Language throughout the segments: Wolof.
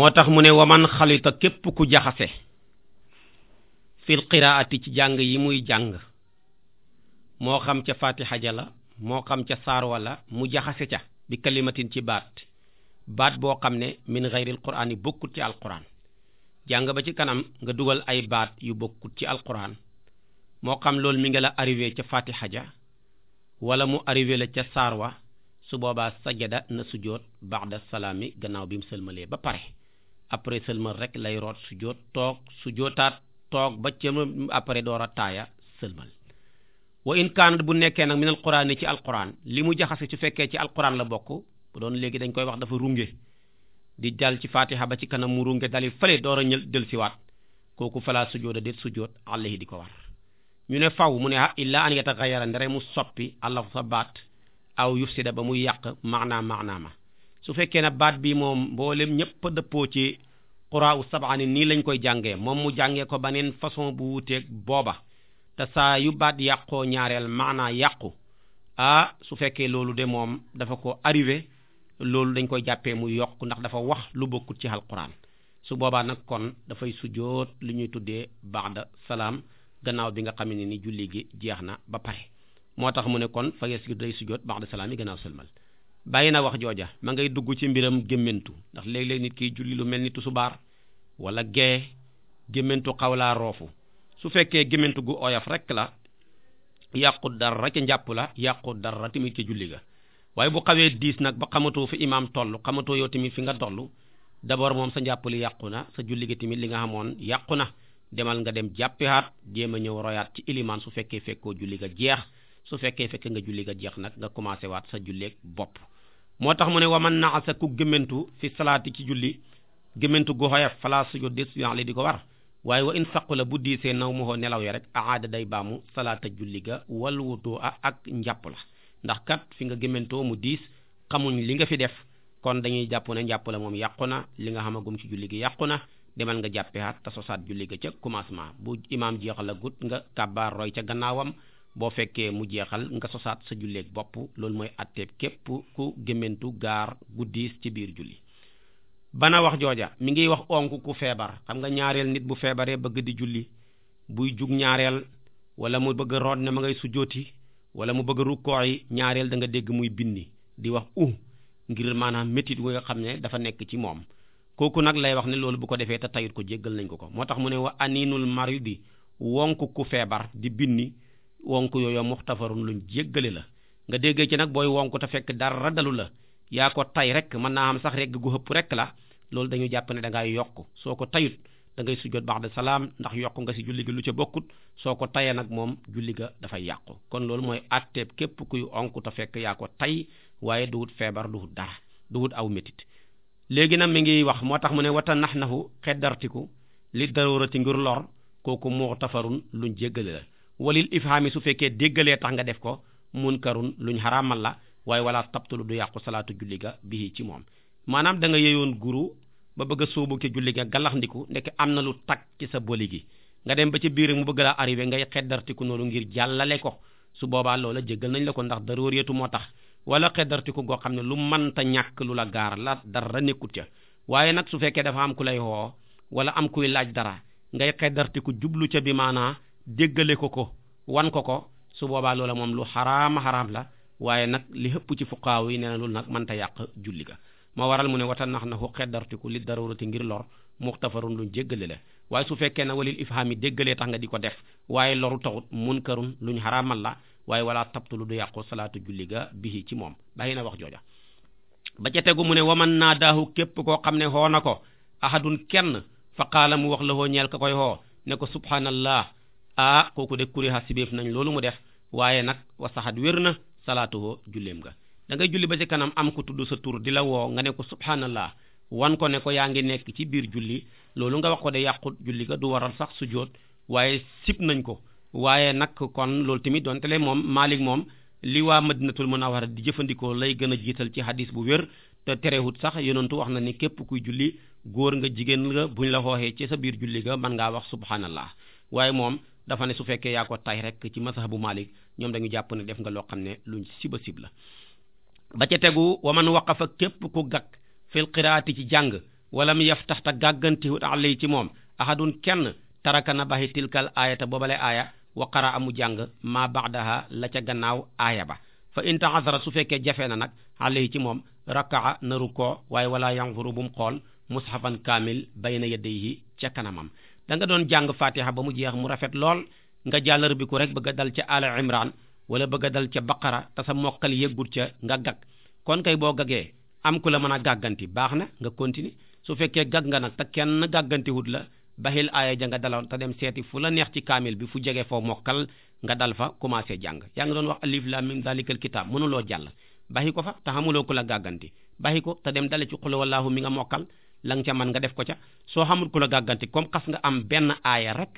moo tax mu ne waman xalita képp ku jaxase fil qiraati ci jàng yi muy jàng moo xam ca fatiha ja la moo xam ca saar la mu jaxase ca bi kalimatin ci baat baat boo xam ne min ghayril qur'aan yi bokkut ci alquran jàng ba ci kanam nga dugal ay baat yu bokkut ci alquran moo xam loolu mi ngi la arrivé ca fatiha ja wala mu arrivé la ca saar wa su boobaa sajada na sujjoot ba'da salaami gannaaw bi mu sëlmalee ba pare après sëlmal rek lay root su joot toog su jootaat toog ba ca après door a taaya sëlmal wa in kaanat bu nekkee nag min alquran ci alquran li mu jaxase su fekkee ci alquran la bokk bu doon léegi dañ koy wax dafa runge di dal ci fatiha ba ci kanam mu runge dali fële door a ñël del siwaat kooku falaa sujooda déet sujoot alayhi di ko war ñu ne faw mu ne ah illa an yataxayara ndere mu soppi allah fa baat aw yufsida ba muy yàq maanaa maanaa ma su fekkee ne baat bi moom mboolem ñëpp dëppoo ci xuraawu sabaani nii lañ koy jàngee moom mu jàngee ko beneen façon bu wuuteeg booba te saa yu baat yàqoo ñaareel maanaa yàqu ah su fekkee loolu de moom dafa ko arrivé loolu dañ koy jàppee mu yokk ndax dafa wax lu bokkut ci alquran su boobaa nag kon dafay sujjoot lu ñuy tuddee baax ba'da salaam gannaaw bi nga xam ne ni julli gi jeex na ba pare moo tax mu ne kon fa yes gi day sujjoot ba'da salaam yi gannaaw sëlmal bàyyi na wax jooja ma ngay dugg ci mbiram gémmantu ndax léeg-léeg nit kiy julli lu mel ni tusubaar wala gee gémmantu xawlaa roofu su fekkee gémmantu gu oyof rek la yàqu dara ci njàpp la yàqu dara tamit ci julli ga waaye bu xawee diis nag ba xamatoo fi imaam tollu xamatoo yow tamit fi nga toll d'abord moom sa njàpp li yàqu na sa julli ga tamit li nga xamoon yàqu na demal nga dem jàppiwaat jéem a ñëw royaat ci ilimaan su fekkee fekkoo julli ga jeex su fekkee fekkee nga julli ga jeex nag nga commencé waat sa julleeg bopp moo tax mu ne man waman naasa ku gëmmantu fi salaati ci julli gëmmantu gu xoyof fala sujud des la di ko war waaye wa in saqula bu diisee naw ma xoo nelaw ya rek aada day baamu julli ga wal wutoo a ak njàpp la ndax fi nga gëmmantoo mu diis xamuñ li nga fi def kon dañuy jàpp ne njàpp la moom yàqu na li nga xamagum ci julli gi yàqu na demal nga jàppeaat te sosaat julli ga ca commencement bu imaam jeexal a gut nga kàbbaar roy ca gannaawam boo fekkee mu jeexal nga sosaat sa julleeg bopp loolu mooy atteeb képp ku gémmantu gaar guddiis ci biir julli bana wax jooja mi ngi wax onk ku feebar xam nga ñaareel nit bu feebaree bëgg di julli buy jug ñaareel wala mu bëgg root ne ma ngay sujjooti wala mu bëgg rukkoo ñaareel da nga dégg muy binni di wax u ngir maanaam métit wi nga xam ne dafa nekk ci moom kooku nag lay wax ne loolu bu ko defee te tayut ko jéggal nañ ko ko moo tax mu ne wa aninul maridi wonk ku feebar di binni wonk yooyu muxtafarun luñ jéggale la nga déggee ci nag booy wonk te fekk dara dalu la yaa ko tay rek mën naa am sax regg gu hëpp rekk la loolu dañu jàpp ne da yokk soo ko tayut da ngay sujjoot ba'da salaam ndax yokk nga ci julli gi lu ca bokkut soo ko tayee nag moom julli ga dafay yàqu kon loolu mooy atteeb képp kuy onk te fekk yaa ko tay waaye duwut feebar duwut dara duwut aw métit léegi nag mi ngi wax moo tax mu ne wata nax naxu xeddartiku li darurati ngir lor kooku muxtafarun luñ jéggale la walil ifhaami su fekkee déggalee tax nga def ko munkarun luñ xaraamal la waaye wala tabtulu du yàqu salaatu julli ga bii ci moom maanaam da nga yeyoon guru ba bëgg a sóobu ci julli ga galax ndiku nekk am na lu tag ci sa boli gi nga dem ba ci biir mu bëgg laa arrivé ngay xeddartiku noonu ngir jàllale ko su boobaa loola jéggal nañ la ko ndax daroorietu moo tax wala xeddartiku goo xam ne lu mënta ñàkk lu la gaar la dara nekkut ca waaye nag su fekkee dafa am ku lay woo wala am kuy laaj dara ngay xeddartiku jublu ca bi maanaa déggale ko ko wan ko ko su boobaa loola moom lu xaraama xaraam la waaye nag li xëpp ci fuqaaw yi nee na loolu nag mënta yàq julli ga moo waral mu ne wata nax na xu xeddartiku li dara darurati ngir lor muxtafarun lu jéggale la waaye su fekkee ne walil ifhaam yi déggalee tax nga di ko def waaye loru taxut munkarun luñ xaraamal la waaye wala tabtulu du yàqu salaatu julli ga bihi ci moom bàyyi na wax jooja ba ca tegu mu ne waman naa daahu képp koo xam ne xoo ko ahadun kenn fa mu wax la hoo ñeel ka koy ah kooku de kuri ha sibeef nañ loolu mu def waaye nag wasaxat wér na salaatuhoo julleem nga da ngay julli ba ci kanam am ko tudd sa tur di la woo nga ne ko subhanallah wan ko ne ko yaa ngi nekk ci biir julli loolu nga wax ko de yàqut julli du waral sax sujjóot waaye sib nañ ko waaye nag kon loolu tamit donte le moom Maalik moom li waa madinatul munawwara di jëfandikoo lay gën a jiital ci hadis bu wér te terewut sax yonentu wax na ni képp kuy julli góor nga jigéen buñ la xooxee ci sa biir julli mën ngaa wax subhanallah waaye moom dafa ne su fekkee yaa ko tay rek ci masax bu Malik ñoom dañu jàpp ne def nga loo xam ne luñ siba sib la ba ca tegu waman waqafa képp ku gag fil qiraati ci jàng walam yaftax ta gàggantiwut alay ci moom ahadun kenn taraka na baxi tilkal aayata boobale aaya wa qara amu jàng ma ba'daha la ca gannaaw aaya ba fa inta ta'azzara su fekkee jafe na nag alay ci moom raka'a na koo waaye wala yanzuru bu mu xool mushafan kaamil bayna yadayhi ca kanamam da nga doon jàng fatiha ba mu jeex mu rafet lool nga jàllar bi ku rek bëgg a dal ca ala imran wala bëgg dal ca baqara te sa mokkal ca nga gag kon kay boo gagee am ku la mën a gàgganti baax na nga continuer su fekkee gag nga nag te kenn gàggantiwut la baxil aaya ja nga daloon te dem seeti fu la neex ci kaamil bi fu jege foo mokkal nga dal fa commencé jàng yaa ngi doon wax alif lam mim dalikal kitaab mënuloo jàll baxi ko fa te xamuloo ku la gàgganti baxi ko te dem dale ci xul wallahu mi nga mokkal la nga ca man nga def ko ca soo xamul ku la gàgganti comme xas nga am benn aaya rek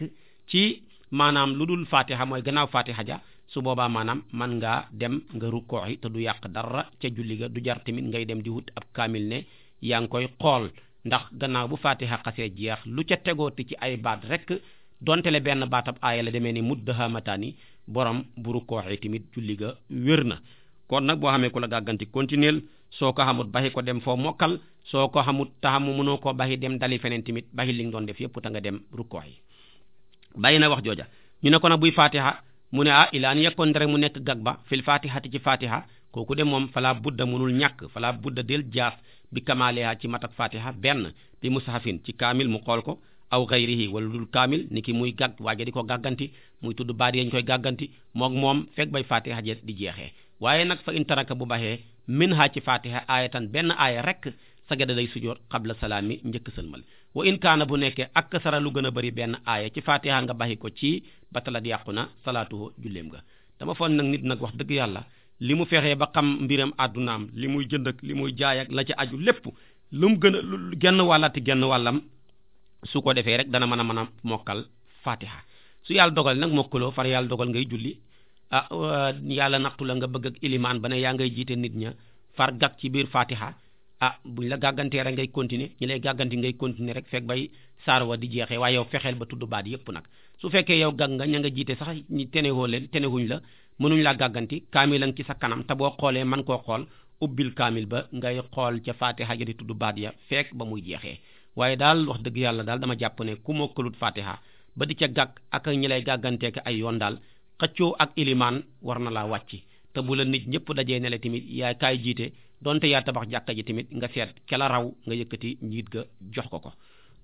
ci maanaam lu dul fatiha mooy gannaaw fatiha ja su boobaa maanaam man ngaa dem nga rukkoo yi te du yàq dara ca julli ga du jar tamit ngay dem di wut ab kaamil ne yaa ngi koy xool ndax gannaaw bu fatiha xasee jeex lu ca tegooti ci ay baat rek donte benn baatab aaya la demee ni muddahamataani borom bu rukkoo yi tamit julli ga wér na kon nag boo xamee ku la gàgganti continuer soo ko xamut baxi ko dem foo mokkal soo ko xamut taxamu mënoo koo baxi dem dali feneen tamit baxi li nga doon def yëpp ta nga dem rukkoo yi bàyyi na wax jooja ñu ne ko nag buy fatiha mu ne ah ilaan yekkoon rek mu nekk gag ba fil fatihati ci fatiha kooku de moom fala budda mënul ñàkk fala budda del jaas bi kamaaleha ci matak fatiha benn bi mushafin ci kaamil mu xool ko aw yi wala dul kaamil nit ki muy gàgg waaje di ko gàgganti muy tudd baat yañ koy gàgganti moog moom fekk bay fatiha di jeexee waaye nag fa in bu baxee min ha ci fatiha aayatan benn aaya rek sajada day sujoot xabla mi njëkk sëlmal wa in kaana bu nekkee ak sara lu gën a bëri benn aaya ci fatiha nga baxi ko ci batalat yàqu na salaatuhu julleem nga dama foon nag nit nag wax dëgg yàlla li mu fexee ba xam mbiram àddunaam li muy jënd li muy jaay la ci aju lépp lu mu gën a genn wàllati genn wàllam su ko defee rek dana mën a mën a mokkal fatiha su yàlla dogal nag mokkaloo far yàlla dogal ngay julli ah, yàlla naxtu la nga bëgg ak ilimaan ba ne yaa jiite nit ña far ci biir fatiha ah buñ la gàggantee rek ngay continuer ñi lay gàgganti ngay continuer rek fekk bay saar wa di jeexee waaye yow fexeel ba tudd baat yépp nag su fekkee yow gàgg nga ña nga jiite sax ñi tenewoo leen tenewuñ la mënuñ laa gàgganti kaamil ci sa kanam te boo xoolee man koo xool ubbil kaamil ba ngay xool ca fatiha ja di tudd baat ya fekk ba muy jeexee waaye daal wax dëgg yàlla daal dama jàpp ne ku mokkalut fatiha ba di ca gàgg ak ñi lay gàgganteek ay yoon daal xëccoo ak ilimaan war na la nit ñëpp donte yaa tabax jàkka ji tamit nga seet ke la raw nga yëkkati njiit ga jox ko ko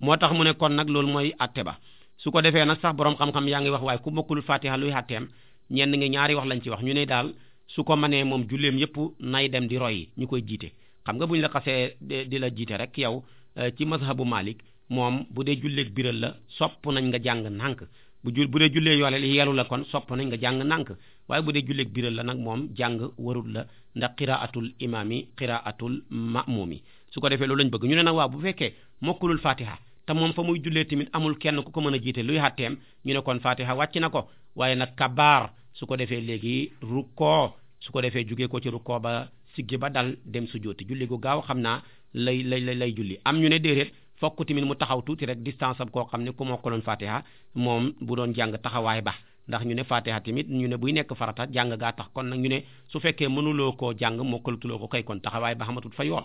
moo tax mu ne kon nag loolu mooy atte ba su ko defee nag sax boroom xam-xam yaa ngi wax waaye ku mokkul fatiha luy atteem ñenn ngi ñaari wax lañ ci wax ñu ne daal su ko manee moom julleem yëpp nay dem di roy yi ñu koy jiite xam nga bu ñu la xasee di la jiite rek yow eh, ci mazhabu Malik moom bu dee julleeg biral la sopp nañ nga jàng nànk bu ju bu dee jullee yoole li yelu la kon sopp nañ nga jàng nànk waaye bu dee julleeg biral la nag moom jàng warul la ndax qiraatul imaami qiraatul ma'muumi su ko defee loolu lañ bëgg ñu ne nag waaw bu fekkee mokkulul fatiha te moom fa muy jullee tamit amul kenn ku ko mën a jiite luy xàtteem ñu ne kon fatiha wàcc na ko waaye nag kabaar su ko defee léegi rukkoo su ko defee jugee ko ci rukkoo ba siggi ba dal dem su jooti julli gu gaaw xam naa lay lay lay julli am ñu ne déedéet fokk tamit mu taxaw tuuti rek distance am koo xam ne ku mokkaloon fatiha moom bu doon jàng taxawaay ba ndax ñu ne fatiha tamit ñu ne buy nekk farata jàng gaa tax kon nag ñu ne su fekkee mënuloo koo jàng mokkalutuloo ko kay kon taxawaay ba xamatul fa yoon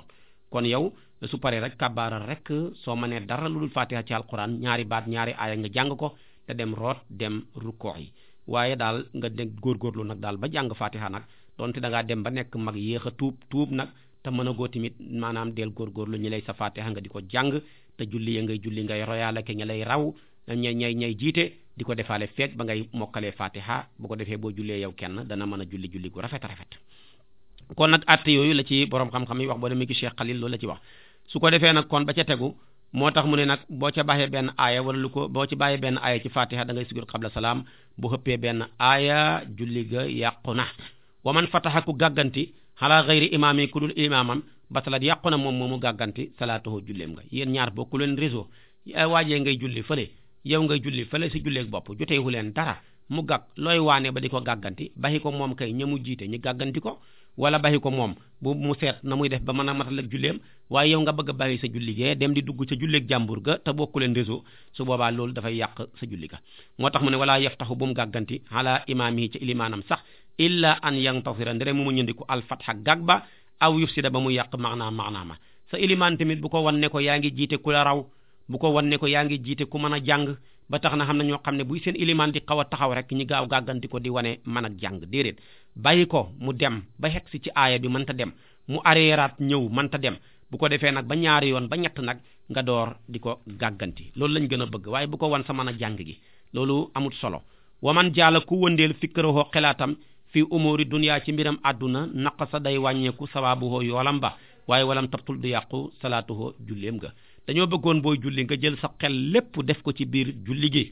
kon yow su paree rek kabaaral rek soo mënee dara lu dul fatiha ci alquran ñaari baat ñaari aaya nga jàng ko te dem root dem rukkoo yi waaye daal nga góor góorgóorlu nag daal ba jàng fatiha nag donte da ngaa dem ba nekk mag yéex a tuub tuub nag te mën a goo tamit maanaam del góor góorgóorlu ñi lay sa fatiha nga di ko jàng te julli ya ngay julli ngay royaale ke ñi lay raw ñay ñay ñay jiite di ko defaale feeg ba ngay mokkalee fatiha bu ko defee boo jullee yow kenn dana mën a julli julli gu rafet rafet kon nag àtte yooyu la ci borom xam-xam yi wax boo demee ngi Cheikh Khalil loolu la ci wax su ko defee nag kon ba ca tegu moo tax mu ne nag boo ca bàyyee benn aaya wala lu ko boo ci bàyyee benn aaya ci fatiha da ngay sujud qabla salaam bu xëppee benn aaya julli ga yàqu na wa man fataha ku gàgganti xalaa gayri imaam yi ku dul imaamam batalat yàqu na moom moomu gàgganti salaatuhu julleem nga yéen ñaar bokku leen réseau waajee ngay julli fële yow ngay julli fële sa julleeg bopp joteewu leen dara mu gàgg looy waane ba di ko gàgganti baxi ko moom kay ñamu jiite ñu gàgganti ko wala baxi ko moom bu mu seet na muy def ba mën a matal ak julleem waaye yow nga bëgg a baxi sa julli gee dem di dugg sa julleeg jàmbur ga te bokku leen réseau su boobaa loolu dafay yàq sa julli ga moo tax mu ne walaa yaftaxu bu mu gàgganti ala imaam yi ci ilimaanam sax illa an yantasira ndere mu ma ñëndiku alfatxa gàgg ba aw yufsida ba mu yàq maanaam maanaama sa ilimaan tamit bu ko wan ne ko yaa ngi jiite ku la raw bu ko wan ne ko yaa ngi jiite ku mën a jàng ba tax na xam na ñoo xam ne buy seen ilimaan di xaw taxaw rek ñi gaaw gàgganti ko di wane mën ak jàng déedéet bàyyi ko mu dem ba xeg si ci aaya bi mënta dem mu areeraat ñëw mënta dem bu ko defee nag ba ñaari yoon ba ñett nag nga door di ko gàgganti loolu lañ gën a bëgg waaye bu ko wan sa mën a jàng gi loolu amut solo waman jaala ku wëndeel fikkërahoo xelaatam fii umuri dunya ci mbiram àdduna naqasa day wàññeeku sawaabuhoo yoolam ba waaye walam tabtul du yàqu salaatuhoo julleem ga dañoo bëggoon booy julli nga jël sa xel lépp def ko ci biir julli gi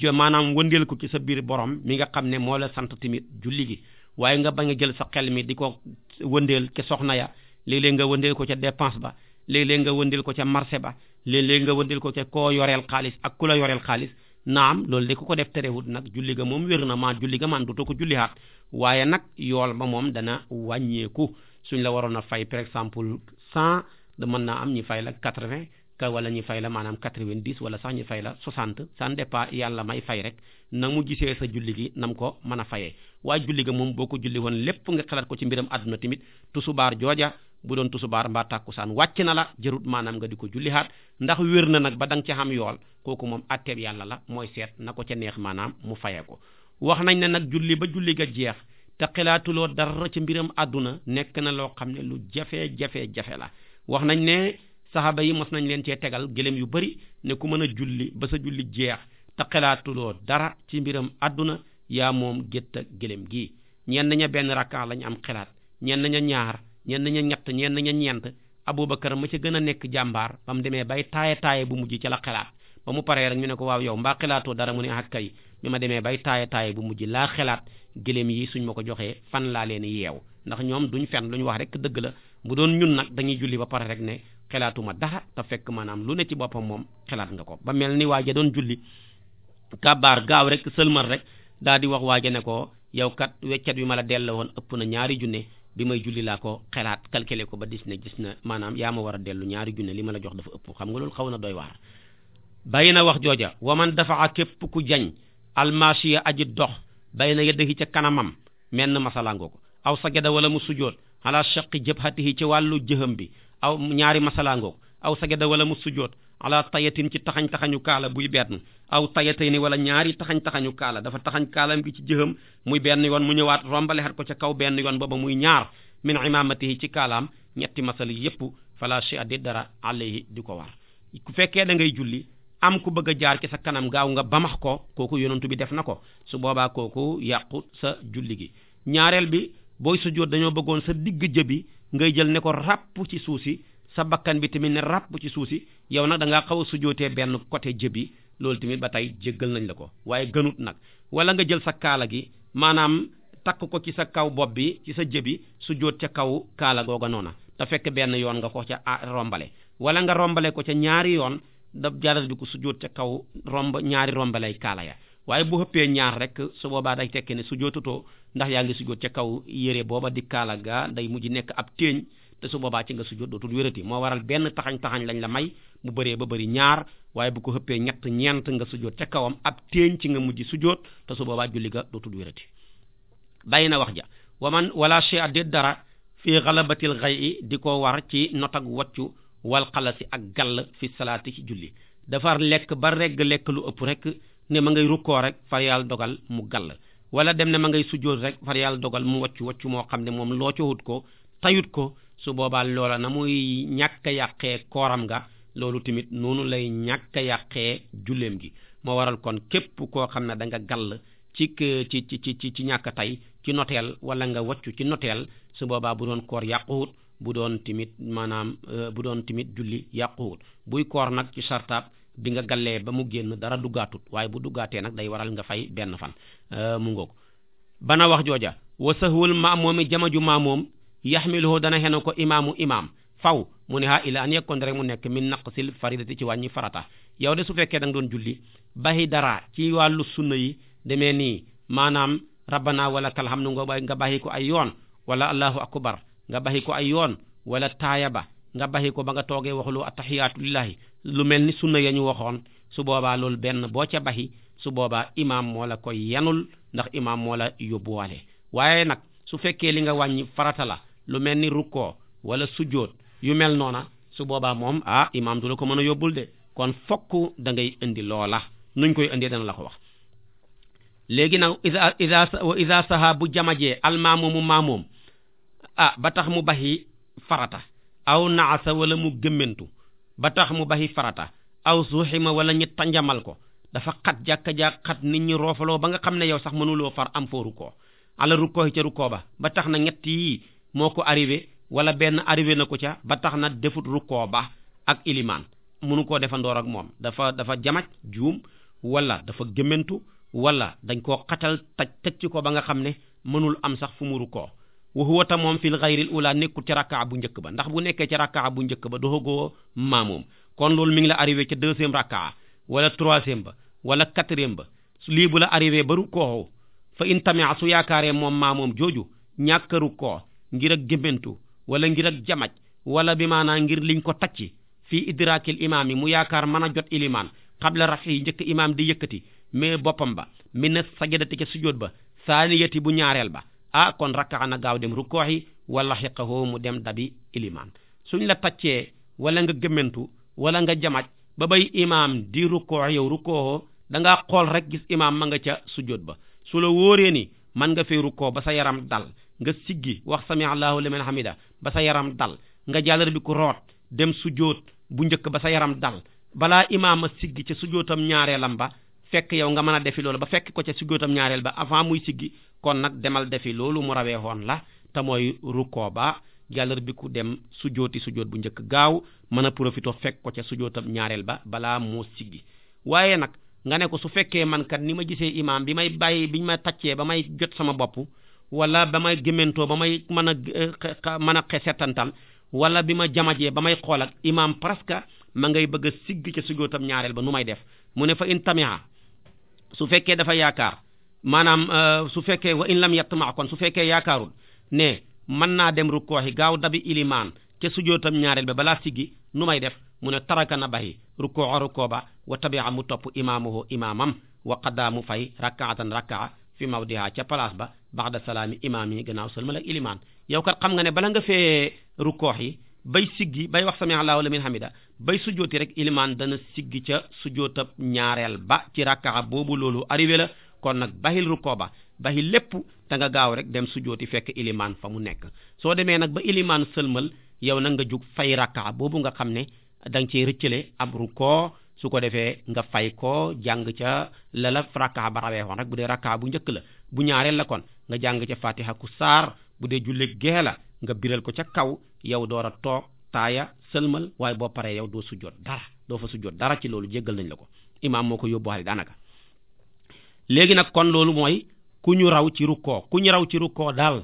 jo maanaam wëndeel ko ci sa biir borom mi nga xam ne moo la sant tamit julli gi waaye nga bañ a jël sa xel mi di ko wëndeel ca soxna ya léeg-léeg nga wëndeel ko ca dépense ba léeg nga wëndeel ko ca marché ba léeg nga wëndeel ko ca koo yoreel xaalis ak ku la yoreel xaalis naam loolu de ku ko def tere terewut nag julli ga moom wér na maa julli ga man dootoo ko jullihaat waaye nag yool ba moom dana wàññeeku suñ la waroon a fay par exemple cent da mën naa am ñi fay la quatre-vingts ka wala ñu fay la maanaam 90 wala sax ñu fay la 60 ça dépend yàlla may fay rek na mu gisee sa julli gi nam ko mën a fayee waaye julli ga moom boo ko julli woon lépp nga xalaat ko ci mbiram àdduna tamit tusubaar jooja bu doon tusubaar mbaa tàkkusaan wàcc na la jërut maanaam nga di ko jullihaat ndax wér na nag ba da nga xam yool kooku moom atteeb yàlla la mooy seet na ko ca neex maanaam mu fayee ko wax nañ ne nag julli ba julli ga jeex te xalaatuloo dara ci mbiram àdduna nekk na loo xam ne lu jafe-jafe-jafe la wax nañ ne saxaaba yi mos nañ leen cee tegal gëléem yu bari ne ku mën a julli ba sa julli jeex te xelaatuloo dara ci mbiram àdduna yaa moom gétt ak gëléem gi ñenn ña benn rakka lañ am xelaat ñenn ña ñaar ñenn ña ñett ñenn ña ñeent Abubakar ma ca gën a nekk jàmbaar ba mu demee bay taaye taaye bu mujj ca la xelaat ba mu paree rek ñu ne ko waaw yow mbaa xelaatoo dara mu ne ak ah, kay bi ma demee bay taaye taaye bu mujj laa xelaat gëléem yi suñ ma ko joxee fan laa leen yeew ndax ñoom duñ fen lu ñu wax rek dëgg la bu doon ñun nag dañuy julli ba pare rek ne xelaatuma dara te fekk maanaam lu ne ci boppam moom xelaat nga ko ba mel ni waaja doon julli kabaar gaaw rek sëlmal rek daa di wax waaja ne ko yow kat weccet bi ma la delloo woon ëpp na ñaari junne bi may julli laa ko xelaat calculer ko ba dis ne gis na maanaam yaa ma war a dellu ñaari junne li ma la jox dafa ëpp xam nga loolu xaw na doy waar bàyyi na wax jooja man dafa a képp ku jañ almasiya aji dox bay na yëddahi ca kanamam menn masalaangoo ko aw sajada wala mu sujoot ala shaqi jabhatihi ci wàllu jëham bi aw ñaari masalaangoog aw sajada wala mu sujjoot ala tayatin ci taxañ-taxañu kaala buy benn aw tayatayni wala ñaari taxañ-taxañu kaala dafa taxañ kaalam gi ci jëham muy benn yoon mu ñëwaat rombale xat ko ca kaw benn yoon booba muy ñaar min imamatihi ci kaalaam ñetti masal yépp fala shay'a dara alayhi di ko war ku fekkee da ngay julli am ku bëgg a jaar ci sa kanam gaaw nga bamax ko kooku yonentu bi def na ko su boobaa kooku yàqu sa julli gi ñaareel booy sujjóot dañoo bëggoon sa digg jëbi ngay jël ne ko ràpp ci suuf si sa bakkan bi tamit ne ràpp ci suuf si yow nag da ngaa xaw a sujjóotee benn côté jëbi loolu tamit ba tey jéggal nañ la ko waaye gënut nag wala nga jël sa kaala gi maanaam takk ko ci sa kaw bopp bi ci sa jëbi sujjóot ca kaw kaala googa noona te fekk benn yoon nga ko ca ah, rombale wala nga rombale ko ca ñaari yoon da jaral di ko sujjóot ca kaw romb ñaari rombalay kaala ya waaye bu xëppee ñaar rek su boobaa day tekki ne sujjóotutoo ndax yaa ngi sujjóot ca kaw yére booba di kaala ga day mujj nekk ab téeñ te su boobaa ci nga sujjóot dootul wérati moo waral benn taxañ taxañ lañ la may mu bëree ba bëri ñaar waaye bu ko xëppee ñett ñeent nga sujjóot ca kawam ab téeñ ci nga mujj sujjóot te su boobaa julli ga dootul wérati bàyyi na wax ja waman wala shay'a déet dara fii xalabatil xay di ko war ci not ak waccu wal ak gàll fi salaati ci julli dafa lekk ba regg lekk lu ëpp rek ne ngay rukkoo rek fa dogal mu gàll wala dem na ma ngay sujjóot rek far yàlla dogal mu waccu waccu moo xam ne moom loocowut ko tayut ko su boobaa loola na muy ñàkk yàqee kooram nga loolu tamit noonu lay ñàkk a yàqee julleem gi moo waral kon képp koo xam ne da nga gàll ci ci ci ci ci ñàkk tey ci noteel wala nga waccu ci noteel su boobaa bu doon koor yàquwut bu doon tamit maanaam euh, bu doon tamit julli yàquwut buy koor nag ci sartaab bi nga gallee ba mu génn dara duggaatut waaye bu duggaatee nag day waral nga fay benn fan euh, mu ngoog bana wax jooja wa sahwul maamomi jama ju maamoom yaxmiluhu dana xeno ko imaamu imaam faw mu ne ha ila an yekkoon rek mu nekk min naqsil faridati ci wàññi farata yow de su fekkee da nga doon julli baxi dara ci wàllu sunna yi demee nii maanaam rabbana wala kalhamdu nga nga baxi ko ay yoon wala allahu akbar nga baxi ko ay yoon wala ba nga baxi ko ba nga toogee waxuloo attaxiyaatu lillahi lu mel ni sunna ya ñu waxoon su boobaa loolu benn boo ca baxi su boobaa imaam moo la koy yanul ndax imaam moo la yóbbuwaale waaye nag su fekkee li nga wàññi farata la lu mel ni rukkoo wala sujjóot yu mel noona su boobaa moom ah imaam du la ko mën a yóbbul de kon fokk da ngay indi loola nuñ koy indee dana la ko wax léegi nag isa isa wa isa saha bu jamajee almaamumu maamoom ah ba tax mu baxi farata aw naasa wala mu gëmmentu ba tax mu baxi farata aw suuxima wala ñi tanjamal ko dafa xat jàkka jaak xat nit ñi roofaloo ba nga xam ne yow sax mënuloo far am foo rukkoo ala rukkoo ca rukkoo ba ba tax na ñett yii moo ko arrivé wala benn arrivé na ko ca ba tax na defut rukkoo ba ak ilimaan mënu koo defandoor ak moom dafa dafa jamaj juum walla dafa gëmmentu wala dañ koo xatal taj tëj ko ba nga xam ne mënul am sax fu mu rukkoo wa huwa ta moom fil xayril ula nekkul ci rakkaa bu njëkk ba ndax bu nekkee ci rakkaa bu njëkk ba doxagoo maamoom kon loolu mi ngi la arrivé ca deuxième rakkaa wala troisième ba wala quatrième ba lii bu la arrivé ba rukkoo fa in tamia su yaakaaree moom maamoom jooju ñàkk koo ngir ak gémmantu wala ngir ak jamaj wala bi maanaa ngir liñ ko ci fii idrakil imaam yi mu yaakaar mën a jot ilimaan xabla rafi yi njëkk imaam di yëkkati mais boppam ba mi ne sajadati ca sujjóot ba saaniyati bu ñaareel ba ah kon rakkaa na gaaw dem rukkoox yi wala xiqahoo mu dem dabi ilimaan suñ la taccee wala nga gëmmantu wala nga jamaj ba bay imaam di rukkoox yow rukkooxoo da ngaa xool rek gis imaam ma nga ca sujjóot ba su la wóoree ni man nga fay rukkoo ba sa yaram dal nga siggi wax sami allahu liman hamida ba sa yaram dal nga jàllale bi ko root dem sujjóot bu njëkk ba sa yaram dal balaa imaam ma siggi ca sujjóotam ñaareelam ba fekk yow nga mën a defi loolu ba fekk ko ca sujjóotam ñaareel ba avant muy siggi kon nag demal defi loolu mu rawee woon la te mooy rukkoo ba jàllar ku dem sujjóoti sujjóot bu njëkk gaaw mën a profité fekk ko ca sujjóotam ñaareel ba balaa moo siggi waaye nag nga ne ko su fekkee man ni ma gisee imaam bi may bàyyi bi ñu ma taccee ba may jot sama bopp wala ba gémmantoo ba may mën a eh, mën a xe wala bi ma jamajee ba may xool ak imaam presque ma ngay bëgg a sigg ca sujjóotam ñaareel ba nu may def mu ne fa in tamiha su fekkee dafa yaakaar maanaam euh, su fekkee wa in lam yattma kon su fekkee yaakaaru ne mën naa dem rukkooxi gaaw dabi ilimaan ca sujootam ñaareel ba balaa siggi nu may def mu ne taraka na bayi rukkoo rukkoo ba wa tabia mu topp imaamuhu imaamam wa qadaa mu fay rakkaatan rakkaa fi mawdiha ca place ba baax baxda salaami imaam yi gannaaw ma ak ilimaan yow kat xam nga ne bala nga fee rukkoox yi bay siggi bay wax sami Allahu liman hamida bay sujjooti rek ilimaan dana siggi ca sujjootab ñaareel ba ci rakkaa boobu loolu arrivé la kon nag bahil rukkoo ba bahil lépp da nga gaaw rek dem sujjooti fekk ilimaan fa mu nekk soo demee nag ba ilimaan sëlmal yow nag nga jug fay rakkaa boobu nga xam ne da nga cee rëccale ab rukkoo su ko defee nga fay ko jàng ca la la ba rawee woon rek bu dee rakkaa bu njëkk la bu ñaareel la kon nga jàng ca fatiha ku saar bu dee julleg gee la nga biral ko ca kaw yow door a toog taaya sëlmal waaye boo paree yow doo sujjoot dara doo fa sujjoot dara ci loolu jéggal nañ la ko imaam moo ko yóbbu yóbbuwaale daanaka léegi nag kon loolu mooy ku ñu raw ci rukkoo ku ñu raw ci rukkoo daal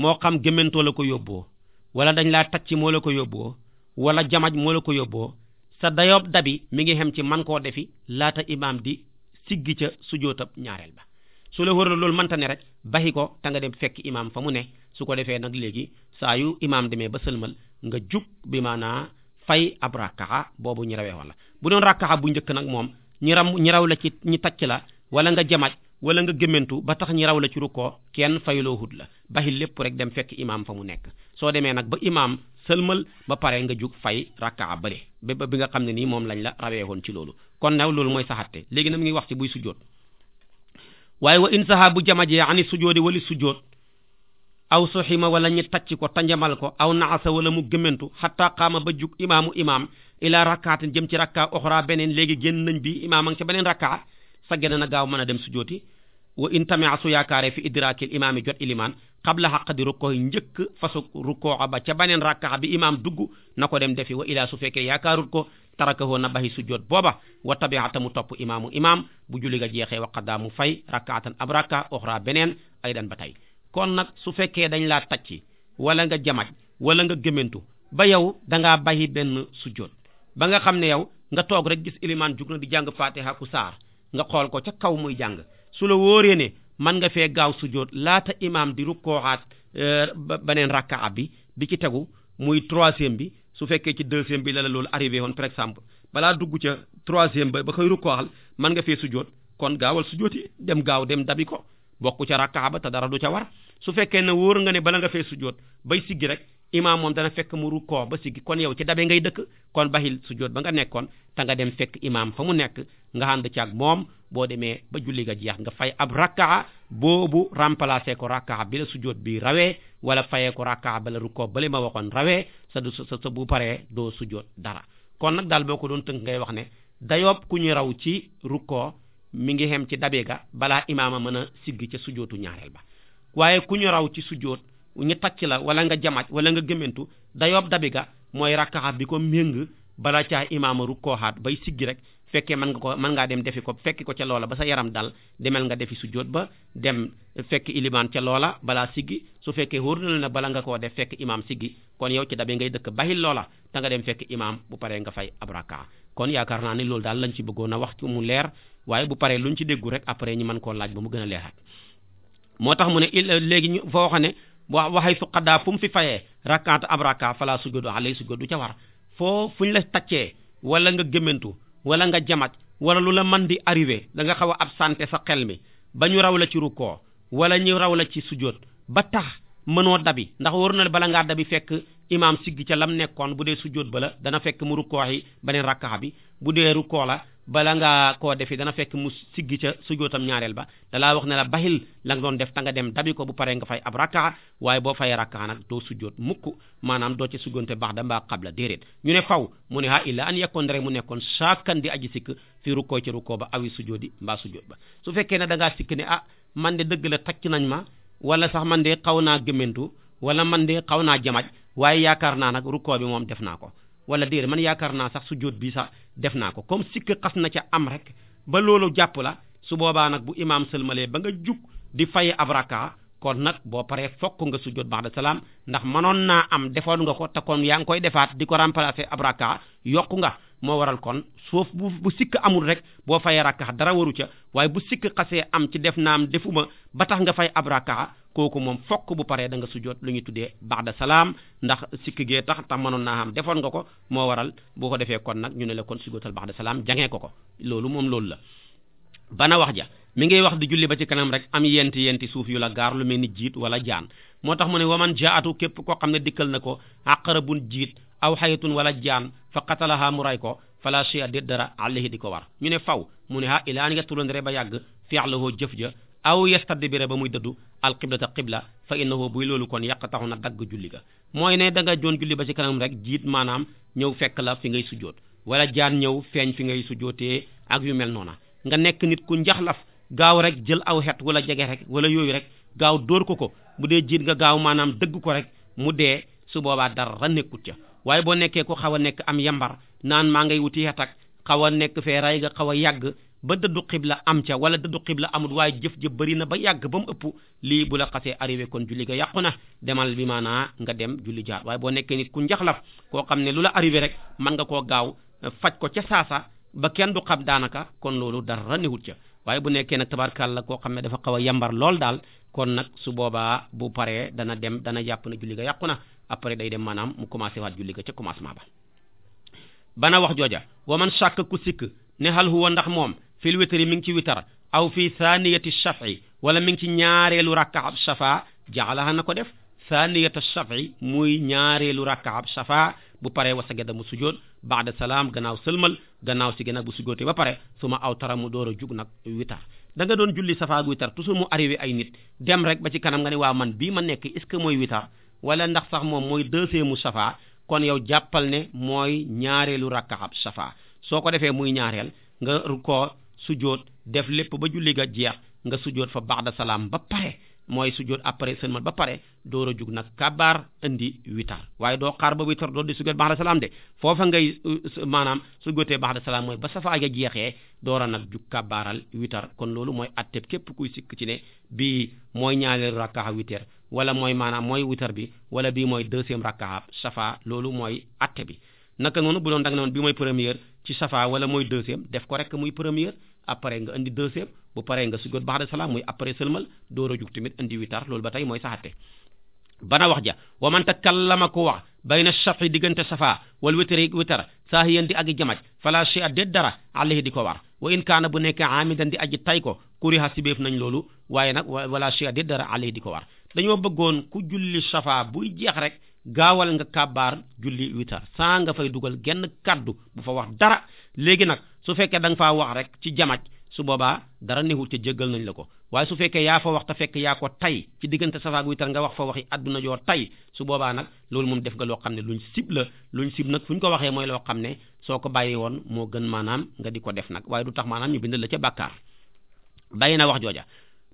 moo xam gémmantoo la ko yóbboo wala dañ laa tacc moo la ko yóbboo wala jamaj moo la ko yóbboo sa dayoob dabi mi ngi xem ci man koo defi laata imaam di siggi ca sujootab ñaareel ba su la wóor loolu mënta ne rek baxi ko te nga dem fekk imaam fa mu ne su ko defee nag léegi saa yu imaam demee ba sëlmal nga jug bi maanaa fay ab rakkaxa boobu ñu rawee wala bu doon rakkaxa bu njëkk nag moom ñi ram ñi raw la ci ñi tacc la wala nga jamaaj wala nga gémmantu ba tax ñi raw la ci rukkoo kenn fayuloo hut la baxi lépp rek dem fekk imaam fa mu nekk soo demee nag ba imaam sëlmal ba pare nga jug fay rakkaxa bële ba bi nga xam ne nii moom lañ la rawee woon ci loolu kon nag loolu mooy saxatte léegi nag mu ngi wax ci buy sujjóot waaye wa in sahabu jamajee ani sujoodi wali sujood aw soxima wala ñi tacc ko tanjamal ko aw naasa wala mu gëmmentu xatta xaama ba jug imaamu imaam ila rakkaatin jëm ci rakka oxra beneen léegi génn nañ bi imaam a ngi ca beneen rakka sa gene na gaaw mën a dem sujooti wa in tamea su yaakaare fi idraakil imaami jot ilimaan qabla xaqdi rukkoo njëkk fasu rukkoo ba ca baneen rakkaxa bi imaam dugg na ko dem defi wa ilaa su fekkee yaakaarut ko tarakahoo na baxi sujjoot booba wa tabiata mu topp imaamu imaam bu julli nga jeexee wax qadaa daamu fay rakkaatan ab rakka oxra beneen ay dan ba tey kon nag su fekkee dañ laa tacci wala nga jamaj wala nga gëmantu ba yow dangaa baxi benn sujjoot ba nga xam ne yow nga toog rek gis ilimaan jug di jàng fatiha ku saar nga xool ko ca kaw muy jàng su la mën nga fee gaaw sujjóot laata imaam di rukkooxaat euh, beneen rakkaa bi bi ci tegu muy troisième bi su fekkee ci deuxième bi la la loolu arrivé woon par exemple balaa dugg ca troisième ba ba koy rukkooxal mën nga fee sujjóot kon gaawal sujjóoti dem gaaw dem dabi ko bokk ca rakkaa ba ta dara du ca war su fekkee ne wóor nga ne bala nga fee sujjóot bay siggi rek imaam moom dana fekk mu rukkoo ba siggi kon yow ci dabe ngay dëkk kon baxil sujjóot ba nga nekkoon te nga dem fekk imaam fa mu nekk nga ànd ci ak moom boo demee ba julli ga jeex nga fay ab rakkaa boobu remplacer ko rakkaa bi la sujjóot bii rawee wala fayee ko rakkaa ba la rukkoo bale ma waxoon rawee sa du sa bu paree doo sujjóot dara kon nag daal boo ko doon tënk ngay wax ne dayoob ku ñu raw ci rukkoo mu ngi xem ci dabe ga balaa imaama mën a siggi ca sujjóotu ñaareel ba waaye ku ñu raw ci sujjóot ñu tàcc la wala nga jamaaj wala nga gëmmentu dayoob dabiga mooy rakkaxaat bi ko méng bala caa imaamaru xaat bay siggi rek fekkee mën nga ko mën ngaa dem defi ko fekki ko ca loola ba sa yaram dal demel nga defi sujjóot ba dem fekk ilimaan ca loola balaa siggi su fekkee wóor na la ne bala nga koo def fekk imaam siggi kon yow ci dabe ngay dëkk bahil loola te nga dem fekk imaam bu paree nga fay ab rakkaa kon yaakaar naa ne loolu daal lañ ci bëggoon a wax ci mu leer waaye bu paree ñu ci déggu rek après ñi mën koo laaj ba mu gën a leeraat moo wax waxay suqadaa fu mu fi fayee rakkaat ab rakka fala sujudu alay sujudu ca war foo fu ñu la taccee wala nga gémmantu wala nga jamaj wala lu la mën di arrivé da nga xaw a absenté sa xel mi ba ñu raw la ci rukkoo wala ñu raw la ci sujjóot ba tax mënoo dabi ndax war na bala ngaa dabi fekk imaam sigg ca lam nekkoon bu dee sujjóot bala dana fekk mu rukkooxi beneen rakkaxa bi bu dee rukkoo la bala ngaa koo defi dana fekk mu siggi ca sujjóotam ñaareel ba dalaa wax ne la baxil la nga doon def nga dem dabi ko bu paree nga fay ab rakkaxa waaye boo fayee rakkaxa nag doo sujjóot mukk maanaam doo ca sujjóote baax da mbaa xabla déedéet ñu ne faw mu ne illa an yekkoon rek mu nekkoon saakan di aji sikk fi rukkoo ci rukkoo ba awi sujjóot di mbaa sujjóot ba su fekkee ne dangaa ngaa sikk ne a ah, man de dëgg la tacc nañ ma wala sax man de xaw naa gémmintu wala man de xaw naa jamaj waaye yaakaar naa nag rukkoo bi moom def naa ko wala déedéet man yaakaar naa sax sujjóot bi sax def naa ko comme sikk xas na ca am rek ba loolu jàpp la su boobaa nag bu imaam sëlmalee ba nga jug di fay abraca kon nag boo paree fokk nga sujjóot ba'da salaam ndax mënoon naa am defoon nga ko te kon yaa ngi koy defaat di ko remplacer ab rakka yokku nga moo waral kon suuf bu bu sikk amul rek boo fayee rakka dara waru ca waaye bu sikk xasee am ci def naam defuma ba tax nga fay ab rakka kooku moom fokk bu paree da nga sujjóot lu ñuy tuddee ba'da salaam ndax sikk gee tax tax mënoon naa am defoon nga ko moo waral boo ko defee kon nag ñu ne la kon sujjóotal ba'da salaam jangee ko ko loolu moom loolu la bana wax ja mi ngay wax di julli ba ci kanam rek am yenti yenti suuf yu la gaar lu mel ni jiit wala jaan moo tax mu ne waman jaatu képp koo xam ne dikkal na ko aqrabun jiit aw xayatun wala jaan fa qatalaha mu ray ko fala shay'a déet dara alayhi di ko war ñu ne faw mu ne ha ilaa an yatulondre ba yàgg la fi'luhu jëf ja aw yastadbira ba muy dëddu alqiblata qibla fa innahu buy loolu kon yàq taxu na dagg julli ga mooy ne danga nga joon julli ba ci kanam rek jiit maanaam ñëw fekk la fi ngay sujjoot wala jaan ñëw feeñ fi ngay sujjootee ak yu mel noona nga nekk nit ku njaxlaf gaaw rek jël aw xet wala jege rek wala yooyu rek gaaw dóor ko ko bu dee jiit nga gaaw maanaam dëgg ko rek mu dee su boobaa dara nekkut ca waaye boo nekkee ko xaw a nekk am yambar naan maa ngay wuti xet ak xaw a nekk fee ray nga xaw a yàgg ba dëddu xibla am ca wala dëddu xibla amut waaye jëf jëf bëri na ba yàgg ba mu ëpp lii bu la xasee arrivé kon julli ga yàqu na demal bi maanaa nga dem julli waaye boo nekkee nit ku njaxlaf koo xam ne lu la arrivé rek mën nga koo gaaw faj ko ca saasa ba kenn du xam daanaka kon loolu dara newut ca waaye bu nekkee nag tabarkalla koo xam ne dafa xaw a yambar lool daal kon nag su boobaa bu paree dana dem dana jàpp na julli ga yàqu na après day dem maanaam mu commencé waat julli ga ca commencement ba bana wax jooja wa man shakk ku sikk ne hal huwa ndax moom fil witri mi ngi ci witar aw fi thaniyati shaf'i wala mi ngi ci ñaareelu rakkaab shafa jaxalaxa na ko def thaniyata shaf'i muy ñaareelu rakkaab shafa bu paree wa sajada mu sujjoot baada salaam gannaaw sëlmal gannaaw si gi nag bu sujjootee ba pare su ma aw tara mu door a jug nag witar da nga doon julli safaag witar toujours mu arrivé ay nit dem rek ba ci kanam nga ne waa man bii ma nekk est ce que mooy witar wala ndax sax moom mooy mu safa kon yow jàppal ne mooy ñaareelu rakkaxab safa soo ko defee muy ñaareel nga rukkoo sujjoot def lépp ba julli ga jeex nga sujjoot fa baada salaam ba pare mooy sujjóot après sëlmal ba pare doora jug nag kabaar indi witar waaye doo xaar ba witar doo di sujjóot ba'da salaam de foofa ngay uh, maanaam sujjóotee ba'da salaam mooy ba safa ga jeexee doora nag jug kabaaral witar kon loolu mooy atteb képp kuy sikk ci ne bii mooy ñaareelu rakkaxa witar wala mooy maanaam mooy witar bi wala bii mooy deuxième rakkaxa safa loolu mooy atte bi naka noonu bu doon da nga ne bii mooy première ci safa wala mooy deuxième def ko rek muy première après nga indi deuxième bu paree nga sujjóot ba'da salaam muy après sëlmal door a jug tamit indi witar loolu ba tey mooy saxaate bana wax ja wa man takallama ko wax bayna shaf'i diggante safa wal witri witar saahiyan di agi jamaj fala shay'a déet dara alayhi di ko war wa in kaana bu nekkee amidan di aji tay ko kuriha sibeef nañ loolu waaye nag wala shay'a déet dara alayhi di ko war dañoo bëggoon ku julli safa buy jeex rek gaawal nga kabaar julli witar saa nga fay dugal genn kaddu bu fa wax dara léegi nag su fekkee da nga faa wax rek ci jamaj su boobaa dara newul te jéggal nañ la ko waaye su fekkee yaa fa wax te fekk yaa ko tay ci diggante safaak witar nga wax fa waxi adduna joo tay su boobaa nag loolu moom def nga loo xam ne lu luñ sib la luñ sib nag fu ñu ko waxee mooy loo xam ne soo ko bàyyi woon moo gën maanaam nga di ko def nag waaye du tax maanaam ñu bindal la ca bàkkaar bàyyi na wax jooja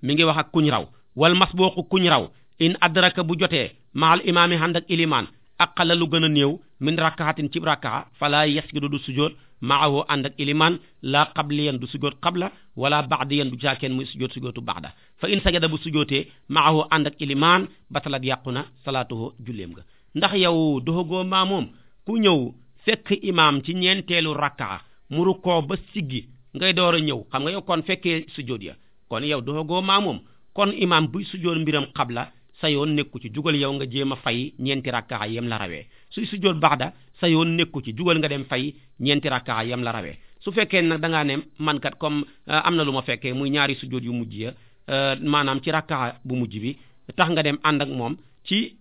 mi ngi wax ak kuñ raw wal masbuqu kuñ raw in adraka bu jotee maal imaami hand ak ilimaan aqala lu gën a néew min rakkahatin ci rakkaha fala yasjudu du sujjóot maahu ànd ak iliman laa qabliyan du sujoot qabla di baadiyan du caakeen muy sujoot sujootu baada fa in sajada bu sujootee maahu ànd ak iliman batalat yàqu na salaatuhu julleem nga ndax yow doxagoo maa moom ku ñëw fekk imaam ci ñeenteelu rakkaa mu rukkoo ba siggi ngay door a ñëw xam nga yow kon fekkee sujoot ya kon yow doxagoo maa moom kon imaam buy sujoot mbiram qabla sa yoon nekku ci jugal yow nga jéem a fay ñeenti rakkaa yem la rawee suy sujoot baada sa yoon nekku ci jugal nga dem fay ñeenti rakka yam la rawee su fekkee nag da ngaa ne man kat comme euh, am na lu ma fekkee muy ñaari sujjóot yu mujj ya euh, maanaam ci rakka bu mujj bi tax nga dem ànd ak moom ci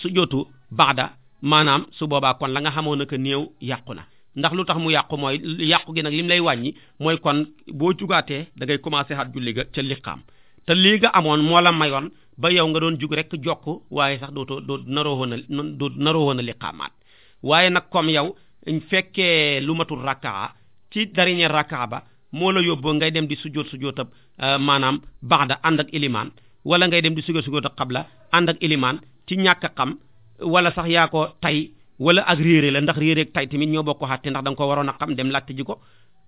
sujjóotu baada maanaam su boobaa kon la nga xamoon ne que néew yàqu na ndax lu tax mu yàqu mooy yàqu gi nag lim lay wàññi mooy kon boo jugaatee da ngay commencer xat julli ga ca liqaam te lii nga amoon moo la mayoon ba yow nga doon jug rek jokk waaye sax dootoo doo naroo woon a naroo woon a liqaamaat waaye nag comme yow fekkee lu matul rakkaa ci dernier rakkaa ba moo la yóbboo ngay dem di sujjóot sujjóotab euh, maanaam baax baxda ànd ak ilimaan wala ngay dem di sujjóot sujjóotab xabla ànd ak ilimaan ci ñàkk a xam wala sax yaa ko tay wala ak réere la ndax réere ak tay tamit ñoo bokk xatte ndax da nga ko waroon a xam dem laajte ji ko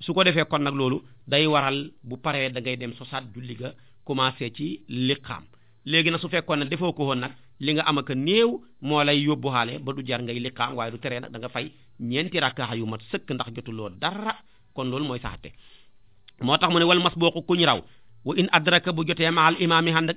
su ko defee kon nag loolu day waral bu paree dangay dem sosaat julli ga commencé ci liqaam léegi nag su fekkoon ne defoo ko woon nag li nga am ak néew moo lay xaale ba du jar ngay liqaam waaye du tere nag da nga fay ñeenti rakkaa yu ma sëkk ndax jotu loo dara kon loolu mooy saxate moo tax mu ne wal masbuqu kuñ raw wa in adraka bu jotee maal imaam yi ànd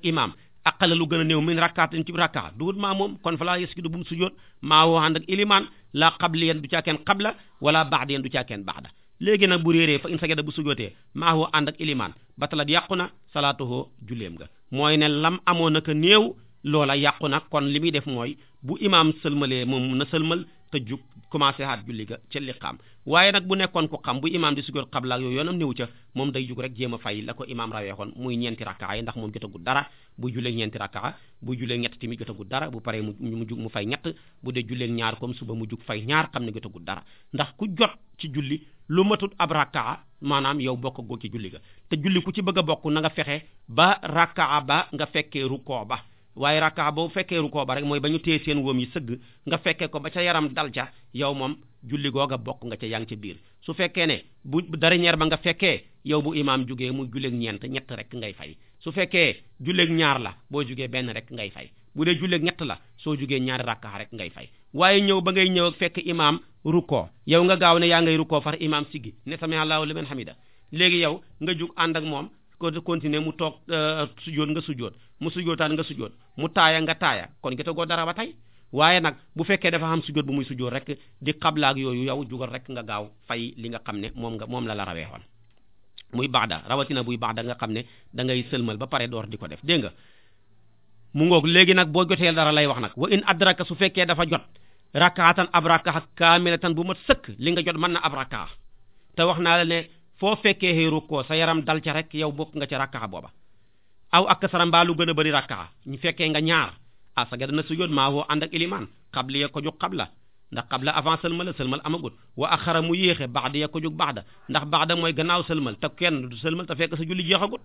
ak lu gën a néew min rakkaatin ci rakkaa duut kon falaa yasjudu bu mu sujoot maa woo ànd ak ilimaan laa qabliyan du caakeen qabla wala ba'diyan du caakeen ba'da léegi nag bu réeree fa in sajada bu sujootee maa woo ànd ak ilimaan batalat yàqu na salaatuhu julleem nga mooy ne lam amoon naka néew loola yàqu nag kon li muy def mooy bu imaam sëlmalee moom na sëlmal te jug commencé haat julli ga ca liqaam waaye nag bu nekkoon ku xam bu imaam di sujjóot xabla ak yooyu yoonam néew ca moom day jug rek jéem a la ko imaam raweexoon muy ñeenti rakkaa yi ndax moom jotagul dara bu jullee ñeenti rakkaa bu jullee ñett tamit jotagul dara bu paree mu mu jug mu fay ñett bu dee jullee ñaar comme suba mu jug fay ñaar xam ne jotagul dara ndax ku jot ci julli lu matut ab rakkaa maanaam yow bokk goo ci julli ga te julli ku ci bëgg a bokk na nga fexe ba rakkaa ba nga fekkee rukkoo ba waaye rakka boobu fekkee rukoo ba rek mooy ba ñu téye seen wóom yi sëgg nga fekkee ko ba ca yaram dal ca yow moom julli googa bokk nga ca yaa ngi ca biir su fekkee ne bu dernière ba nga fekkee yow bu imaam jugee mu julleeg ñeent ñett rek ngay fay su fekkee julleeg ñaar la boo jugee benn rek ngay fay bu dee julleeg ñett la soo jugee ñaari rakka rek ngay fay waaye ñëw ba ngay ñëw ak fekk imaam rukkoo yow nga gaaw ne yaa ngay rukkoo far imaam siggi ne sami Allahu liman hamida léegi yow nga jug ànd ak moom ko continuer mu toog uh, sujjóot nga sujjóot mu sujjóotaan nga sujjóot mu taaya nga taaya kon gi tagoo dara ba tey waaye nag bu fekkee dafa xam sujjóot bu muy sujjóot rek di xablaak yooyu yow jugal rek nga gaaw fay li nga xam ne moom nga moom la la raweexoon muy baada rawatina buy baada nga xam ne da ngay sëlmal ba pare door di ko def dégg nga mu ngoog léegi nag boo jotee dara lay wax nag wa in adraka su fekkee dafa jot rakaatan ab raka kaamilatan mat sëkk li nga jot mën na ab raka te wax naa la ne foo fekkee xëy ko sa yaram dal ca rek yow bokk nga ca rakkaxa booba aw a sara mbaa lu gën a bëri rakkaxa ñu fekkee nga ñaar a sa gada na sujjóot maa woo ànd ak ilimaan xable ko ko jóg xabla ndax xabla avant sëlmala sëlmal amagut wa axara mu yéexe baxda ya ko jóg baxda ndax baxda mooy gannaaw sëlmal te kenn du sëlmal te fekk sa julli jeexagut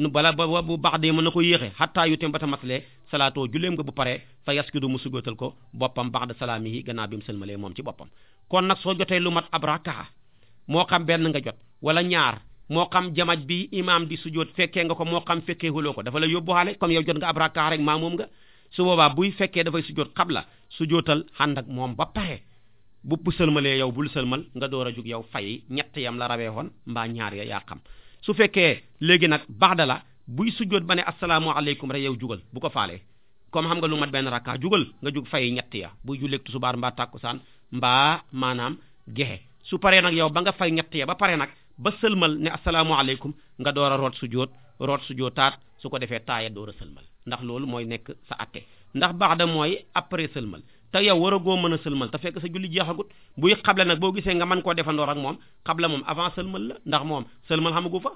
nu bala ba bu bax de mën na ko yéexe xattaa yu tem ba ta matale salaatoo julleem nga bu paree fa yaskidu mu sugootal ko boppam baax da salaami yi gannaaw bi mu sëlmalee moom ci boppam kon nag soo jotee lu mat ab rakaxa moo xam benn nga jot wala ñaar moo xam jamaj bi imaam di sujjóot fekkee nga ko moo xam fekkee huloo ko dafa la yóbbuwaale comme yow jot nga ab rakkaa rek maa moom nga su boobaa buy fekkee dafay sujjóot xabla sujjóotal ànd ak moom ba paxe bu bu sëlmalee yow bul sëlmal nga door a jug yow fay ñetti yam la rawee woon mbaa ñaar ya yaa xam su fekkee léegi nag baxda la buy sujjóot ba ne asalaamaaleykum rek yow jugal bu ko faalee comme xam lu mat benn rakkaa jugal nga jug fay ñett ya buy julleeg tusubaar mbaa saan mbaa maanaam gexe su paree nag yow ba nga fay ñett ya ba pare nag ba sëlmal ne asalaamaaleykum nga door a root sujóot root sujootaat su ko defee taaya door a sëlmal ndax loolu mooy nekk sa atte ndax baax da mooy après sëlmal te yow war a goo mën a sëlmal te fekk sa julli jeexagut buy xable nag boo gisee nga mën koo defandoor ak moom xable moom avant sëlmal la ndax moom sëlmal xamagu fa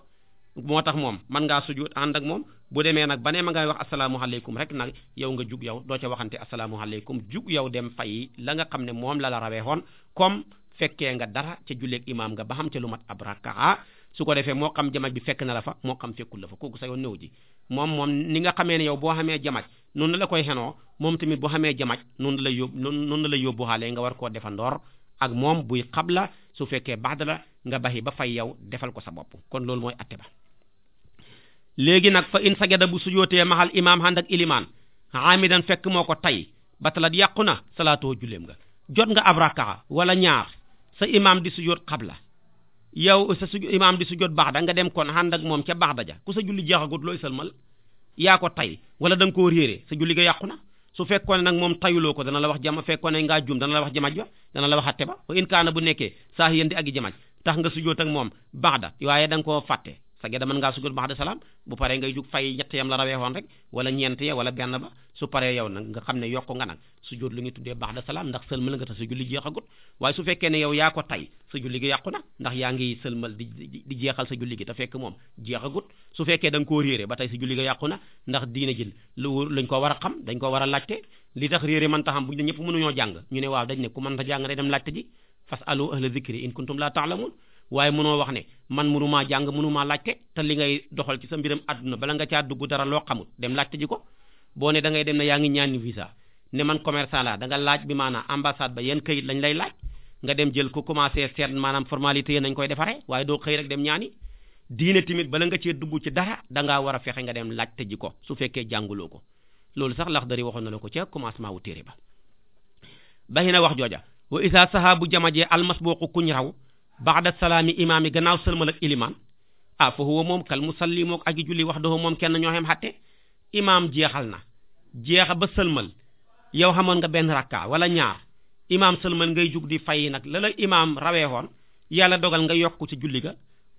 moo tax moom mën ngaa sujjóot ànd ak moom bu demee nag ba nee ma ngay wax asalaamaaleykum rek nag yow nga jug yow doo ca waxante asalaamaaleykum jug yow dem fay la nga xam ne moom la la rawee xoon comme fekkee nga dara ca julleeg imaam nga ba xam ca lu mat ab rakaa su ko defee moo xam jamaaj bi fekk na la fa moo xam fekkul la fa kooku sa yoon new ji moom moom ni nga xamee ne yow boo xamee jamaaj noonu la koy xenoo moom tamit boo xamee jamaaj noonu la yób noonu la yóbbu xaale nga war koo defandoor ak moom buy xabla su fekkee baxda la nga baxi ba fay yow defal ko sa bopp kon loolu mooy atte ba léegi nag fa in sajada bu sujootee maxal imaam xànd ak ilimaan amidan fekk moo ko tay batalat yàqu na salaatoo julleem nga jot nga ab rakaa wala ñaar sa imaam di sujjóot xabla yow sa su imaam di sujjóot da nga dem kon ànd ak moom ca ba'da ja ku sa julli jeexagut looy sëlmal yaa ko tay wala da nga koo réere sa julli ga yàqu na su fekkoon nag moom tayuloo ko dana la wax jama fekkoon ne ngaa jum dana la wax jamaj ba dana la wax atte ba wa in kaana bu nekkee saa yéen di ak i jamaj tax nga sujjóot ak moom ba'da waaye da nga koo fàtte sa geda mën ngaa sujjóot ba'da salaam bu paree ngay nga xam ne yokk nga nag sujjóot lu ñu tuddee ba'da salaam ndax sëlmal nga te sa julli jeexagut waaye su fekkee ne yow yaa ko tay sa julli gi yàqu ndax yaa ngi sëlmal di di julli gi te moom jeexagut su fekkee da nga koo réere ba tey sa julli gi yàqu ndax diina jël lu lañ ko war a xam dañ ko war a laajte li tax réere mën ta xam buñ ne ñëpp mënuñoo jàng ñu ne waaw dañ ne ku mën ta jàng day dem laajte ji fas alu in kuntum la ta'lamun waaye mënoo wax ne man mënumaa jàng mënumaa laajte te li ngay doxal ci sa mbiram àdduna bala nga caa dugg dara loo xamul dem laajte ji ko boo ne dangay dem na yaa ngi ñaani visa ne man commerçant laa da nga laaj bi maanaam ambassade ba yenn këyit lañ lay laaj nga dem jël ko commencé seet maanaam formalité yi nañ koy defaree waaye doo xëy rek dem ñaani diine tamit bala nga cee dugg ci dara da war a fexe nga dem laajte ji ko su fekkee jànguloo ko loolu sax lax dari waxoon na la ko ca commencement wu téere ba baxi na wax jooja wa isa sahabu jamaje almasbuqu kuñ raw baax baxda salaami imaam yi gannaaw sëlmal ak ilimaan ah fa huwa moom kal musalli ak aji julli wax dafa moom kenn ñoo xam xatte imaam jeexal na jeexa ba sëlmal yow xamoon nga benn rakka wala ñaar imaam sëlmal ngay jug di fay nag la imaam raweexoon yàlla dogal nga yokku ca julli ga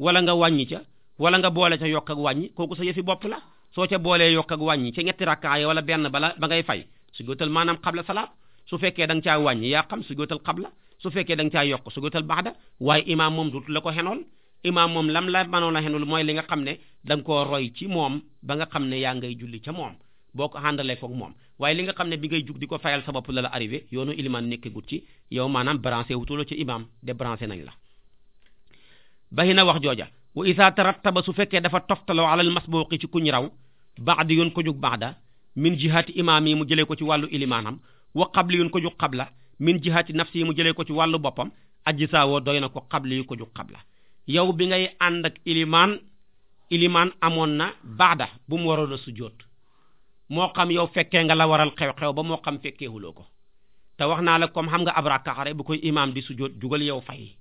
wala nga wàññi ca wala nga boole ca yokk ak wàññi kooku sa yëfi bopp la soo ca boolee yokk ak wàññi ca ñetti rakkaa yi wala benn bala ba ngay fay su gootal maanaam xabla salaat su fekkee da nga wàññi yaa xam su gootal xabla su fekkee da nga caa yokk sugutal baxda waaye imaam moom dut la ko xenool imaam moom lam la manoon a xenul mooy li nga xam ne da ko koo roy ci moom ba nga xam ne yaa ngay julli ca moom boo ko àndalee koog moom waaye li nga xam ne bi ngay jug di ko fayal sa bopp la la arrivé yoonu ilimaan nekkagut ci yow maanaam branché wutuloo ci imaam débranché nañ la ba na wax jooja wa tara taba su fekkee dafa toftaloo alal masbuqi ci kuñ raw baxdi yoon ko jug baxda min jihaati imaam yi mu jëlee ko ci wàllu ilimaanam wa qabli yoon ko jug qabla min jihaati nafsi mu jëlee ko ci wàllu boppam aji saawoo doy na ko xable yi ko ju xabla yow bi ngay ànd ak ilimaan ilimaan amoon na baada bu mu waroon a sujjóot moo xam yow fekkee nga la waral xew-xew ba moo xam fekkeewuloo ko te wax naa la comme xam nga ab rakkaxare bu koy imaam di sujjóot jugal yow fay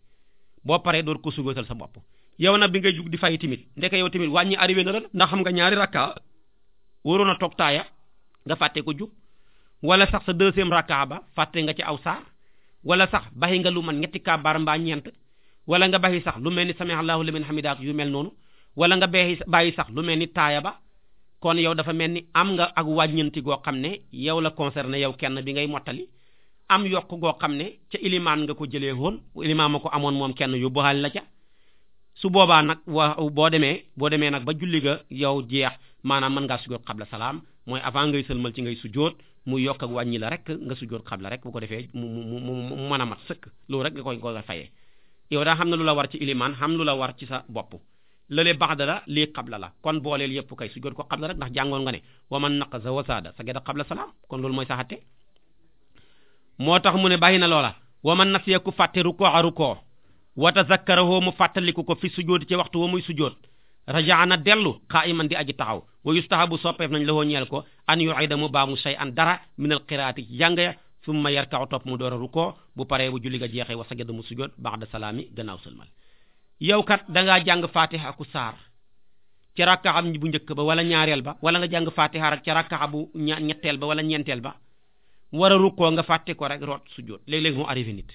boo paree door ko sujjóotal sa bopp yow nag bi ngay jug di fay tamit ndeke yow tamit wàññi arrivé na la ndax xam nga ñaari rakka waroon a toog nga fàtte ko jug wala sax sa deuxième rakka ba fàtte nga ci aw saar wala sax baxi nga lu man ñetti kàbbaar mbaa ñeent wala nga baxi sax lu mel ni samihallahu liman hamidaak yu mel noonu wala nga baxi bàyyi sax lu mel ni taaya ba kon yow dafa mel ni am nga ak wàññanti goo xam ne yow la concerné yow kenn bi ngay mottali am yokk goo xam ne ca ilimaan nga ko jëlee woon ilimaan ma ko amoon moom kenn yóbbuwaale la ca su boobaa nag wa boo demee boo demee nag ba julli ga yow jeex maanaam mën ngaa sujjóot xabla salaam mooy avant ngay sëlmal ci ngay sujjóot mu yokk wàññi la rek nga sujjoot xabla rek bu ko defee mu mu mu mën a mat sëkk loolu rek nga koy ko fayee yow daa xam ne lu la war ci ilimaan xam lu la war ci sa bopp lële baxda la lii xabla la kon booleel yëpp kay sujjoot ko xabla rek ndax jàngoon nga ne wa man naqasa wa saada sa geda xabla salaam kon loolu mooy saxatte moo tax mu ne bàyyi na loola wa man nasiya ku fàtte rukoo a rukoo wa tazakkarahu mu fàttaliku ko fi sujjoot ci waxtu wa muy sujjoot rajaana dellu qaa'iman di aji taxaw wa yustahabu soppeef nañ la woo ñeel ko an yu'ida mu baamu shay an dara minal qiraati ci jàng ya summa yarka'u topp mu door a rukkoo bu paree bu julli ga jeexee wa sajada mu sujjoot ba'da salaami gannaaw sëlmal yow kat da ngaa jàng fatiha saar ca bu njëkk ba wala ñaareel ba wala nga jàng fatiha ca rakkaxa bu ñetteel ba ñeenteel ba war a rukkoo nga fàtte ko rek root sujjoot léeg-léeg mu arrivé nit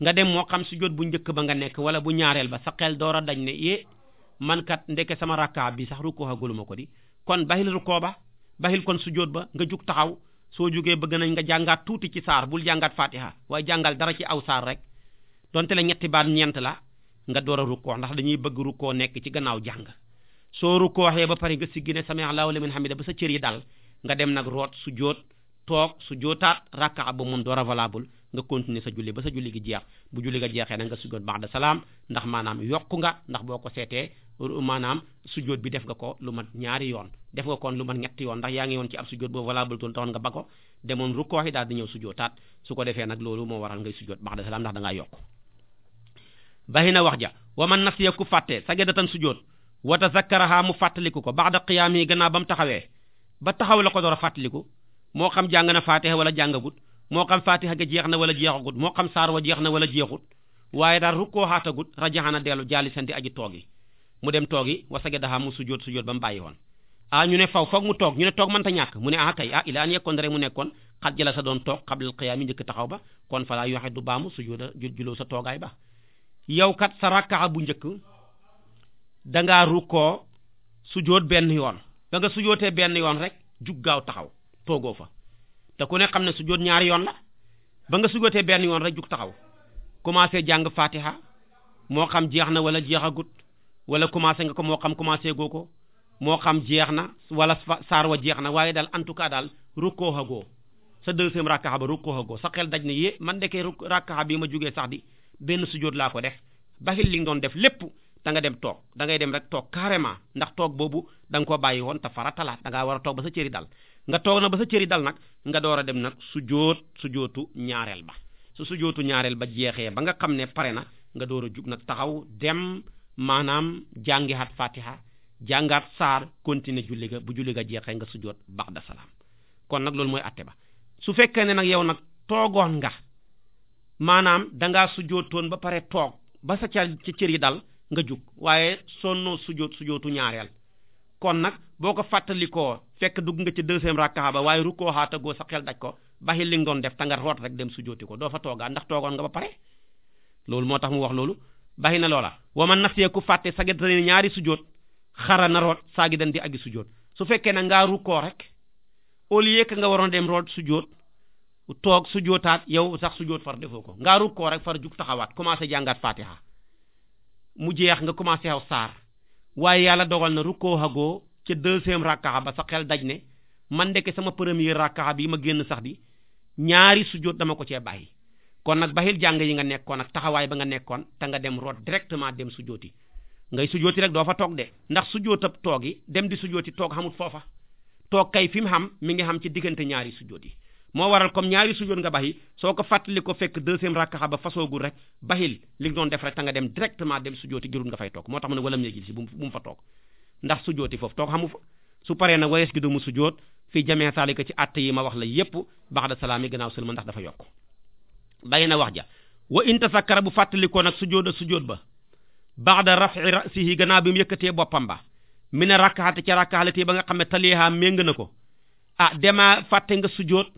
nga dem moo xam sujjoot bu njëkk ba nga nekk wala bu ñaareel ba sa xel door a dañ ne yee mankat kat ndeke sama rakkaa bi sax rukkoo aguluma ko di kon bahil rukkoo ba baxil kon sujjóot ba nga jug taxaw soo jógee bëgg nañ nga jàngaat tuuti ci saar bul jàngaat fatiha waaye jàngal dara ci aw saar rek donte la ñetti baat ñeent la nga door a rukkoo ndax dañuy bëgg rukkoo nekk ci gannaaw jàng soo rukkooxee ba pare nga siggi ne sami Allahu liman hamida ba sa cër yi dal nga dem nag root sujjóot toog sujjóotaat rakkaa ba moom doora a nga continuer sa julli ba sa julli gi jeex bu julli ga jeexee nag nga sujjóot ba'da salaam ndax maanaam yokku nga ndax boo ko seetee maanaam sujjóot bi def nga ko lu mat ñaari yoon def nga kon lu mat ñetti yoon ndax yaa ngi woon ci ab sujjóot boobu valable toon taxoon nga ba ko demoon rukkoo yi daal di ñëw sujjóotaat su ko defee nag loolu moo waral ngay sujjóot ba'da salaam ndax da ngaa yokku bahina wax ja wa man nasiya ku fàtte sa sagedatan sujjóot wa tazakkaraha mu fàttaliku ko ba'da qiyaami gannaaw ba mu taxawee ba taxaw la ko door a fàttaliku moo xam jàng na faatiha wala jàngagut moo xam fatiha ga jeex na wala jeexagut moo xam saar wa jeex na wala jeexut waaye daal rukkoo xaatagut rajaxana dellu jaali santi aji toogi mu dem toogi wasage daxaa mu sujjóot sujjóot ba mu bàyyi woon ah ñu ne faw foog mu toog ñu ne toog mënta ñàkk mu ne ah kay ah ila an yekkoon mu nekkoon xat jëla sa doon toog xablal xiyaam yi njëkk taxaw ba kon falaa yoxe du baamu sujjóota juloo sa toogaay ba yow kat sa rakkaa bu njëkk dangaa rukkoo sujjóot benn yoon da nga sujjóotee benn yoon rek jug gaaw taxaw toogoo fa te ku ne xam ne sujjóot ñaari yoon la ba nga sujjóotee benn yoon rek jug taxaw commencé jàng fatiha moo xam jeex na wala jeexagut wala commencé nga ko moo xam commencé goo ko moo xam jeex na wala saar wa jeex na waaye daal en tout cas daal rukkoo agoo sa deuxième rakkaxa ba rukkoo agoo sa xel daj na yee man dekee rakkaxa bi ma jugee sax di benn sujjóot laa ko def ba li nga doon def lépp da nga dem toog dangay dem rek toog carrément ndax toog boobu da nga ko bàyyi woon te faratalaat da ngaa war a toog sa cëri dal nga toog nag ba sa cëri dal nag nga door a dem nag sujjóot sujjóotu ñaareel ba su sujjóotu ñaareel ba jeexee ba nga xam ne pare na nga door a jug nag taxaw dem maanaam jàngihaat fatiha jàngaat saar continuer julli ga bu julli ga jeexee nga sujjóot ba'da salaam kon nag loolu mooy atte ba su fekkee ne nag yow nag toogoon nga maanaam dangaa sujjóotoon ba pare toog ba sa ca ci cër yi dal nga jug waaye sonnoo sujjóot sujjóotu ñaareel kon nag boo ko fàttalikoo fekk dugg nga ci deuxième rakka ba waaye rukkoo xaatagoo sa xel daj ko baxi li nga doon def ta root rek dem sujjóoti ko doo fa toogaa ndax toogoon nga ba pare loolu moo tax mu wax loolu baxi na loola wa man nafsee ku fàtte sa gitane ñaari sujjóot xara na root saa dan di aggi sujjóot su fekkee na ngaa rukkoo rek au lieu nga waroon dem root sujjóot toog sujjóotaat yow sax sujjóot far defoo ko ngaa rukkoo rek far jug taxawaat commencé jàngaat fatiha mu jeex nga commencé xaw saar waaye yàlla dogal na rukkoo xagoo ca deuxième rakkaxa ba sa xel daj ne man ndeke sama premier rakkaxa bi ma génn sax bi ñaari sujjóot dama ko cee bàyyi kon nag baxil jàng yi nga nekkoon ak taxawaay ba nga nekkoon te nga dem root directement dem sujjóoti ngay sujjóoti rek doo fa toog de ndax sujjóotab toog yi dem di sujjóoti toog xamut foofa toog kay fi mu xam mi ngi xam ci diggante ñaari sujjóot yi moo waral comme ñaari sujjóot nga baxi soo ko fàttali ko fekk deuxième rakkaxa ba fasoogul rek baxil li nga doon def rek nga dem directement dem sujjóoti jërul nga fay toog moo tax mu ne walam yegil si bu mu fa toog ndax sujooti foofu toog xamu fa su paree na wayees gi du mu sujoot fii jamee saalika ci àtt yi ma wax la yépp baxda salaam yi gannaaw sëlma ndax dafa yokk bàyyi na wax ja wa in tasakkara bu fàttalikoo nag sujoot a sujoot ba baxda raf'i ra'sihi gannaaw bi mu yëkkatee boppam ba mi ne rakkaxate ca rakkaxalati ba nga xam ne taliha méng na ko ah demaa fàtte nga sujoot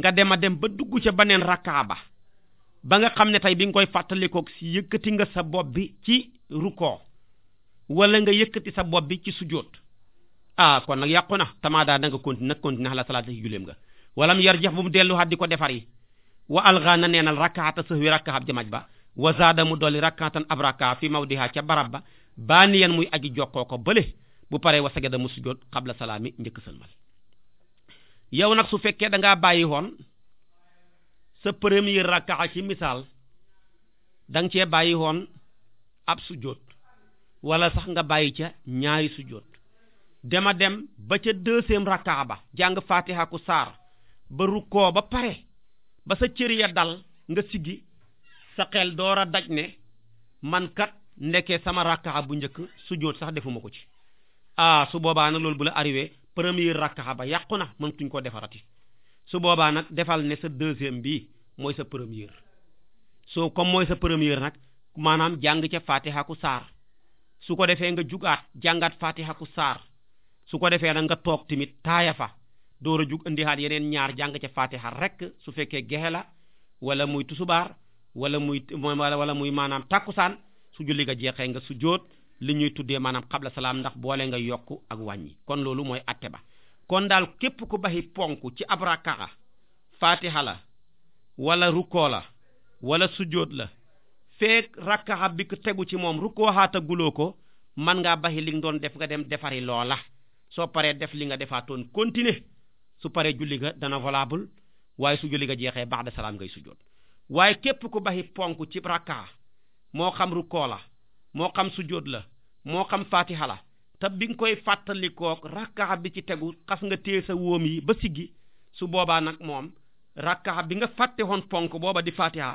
nga dema dem ba dugg ca beneen rakkaa ba ba nga xam ne tey bi nga koy fàttalikoog si yëkkati nga sa bopp bi ci rukkoo wala nga yëkkati sa bopp bi ci sujjóot ah kon nag yàqu na tamaada da nga continue nag continue ala salaati ci julleem nga walam yarjax bu mu dellu xat di ko defar yi wa alga na neenal rakkaata sëf wi rakkaab jamaj ba wa zaada mu dolli rakkaatan ab rakkaa fi mawdiha ca barab ba baa ni yan muy aji jokkoo ko bële bu paree wa sagada mu sujjóot xabla mi njëkk sëlmal yow nag su fekkee da ngaa bàyyi woon sa premier rakkaa ci misaal da bàyyi woon ab sujjóot wala sax nga bàyyi ca ñaari sujjóot dema dem ba ca deuxième rakkaa ba jàng fatiha saar ba rukkoo ba pare ba sa cër ya dal nga siggi sa xel door a daj ne man kat ndeke sama rakkaa bu njëkk sujjóot sax defuma ko ci ah su boobaa nag loolu bu la arrivé premier rakkaa ba yàqu na mëntuñ koo defarati su boobaa nag defal ne sa deuxième bi mooy sa première soo comme mooy sa première nag maanaam jàng ca fatiha ku saar su ko defee nga jugaat jàngaat fatiha ku saar su ko defee nag nga toog tamit taaya fa door a jug indihaat yeneen ñaar jàng ca fatiha rek su fekkee gexe la wala muy tusubaar wala muy wala muy maanaam takkusaan su julli nga jeexee nga su jóot li ñuy tuddee maanaam xabla salaam ndax boole nga yokk ak wàññi kon loolu mooy atte ba kon daal képp ku baxi ponk ci abrakaxa fatiha la wala rukkoo la wala sujjóot la feek rakkaxa bi tegu ci moom rukkoo xaata guloo ko man ngaa baxi li nga doon def nga dem defari loola soo paree def li nga defaatoon continuer su paree julli ga dana valable waaye su julli nga jeexee baax de salaam ngay sujjoot waaye képp ku baxi ponk ci rakkaa moo xam rukkoo la moo xam sujjoot la moo xam fatiha la te bi nga koy fàttalikoo rakkaa bi ci tegu xas nga téye sa woom yi ba siggi su boobaa nag moom rakkaa bi nga fàtte woon ponk booba di fatiha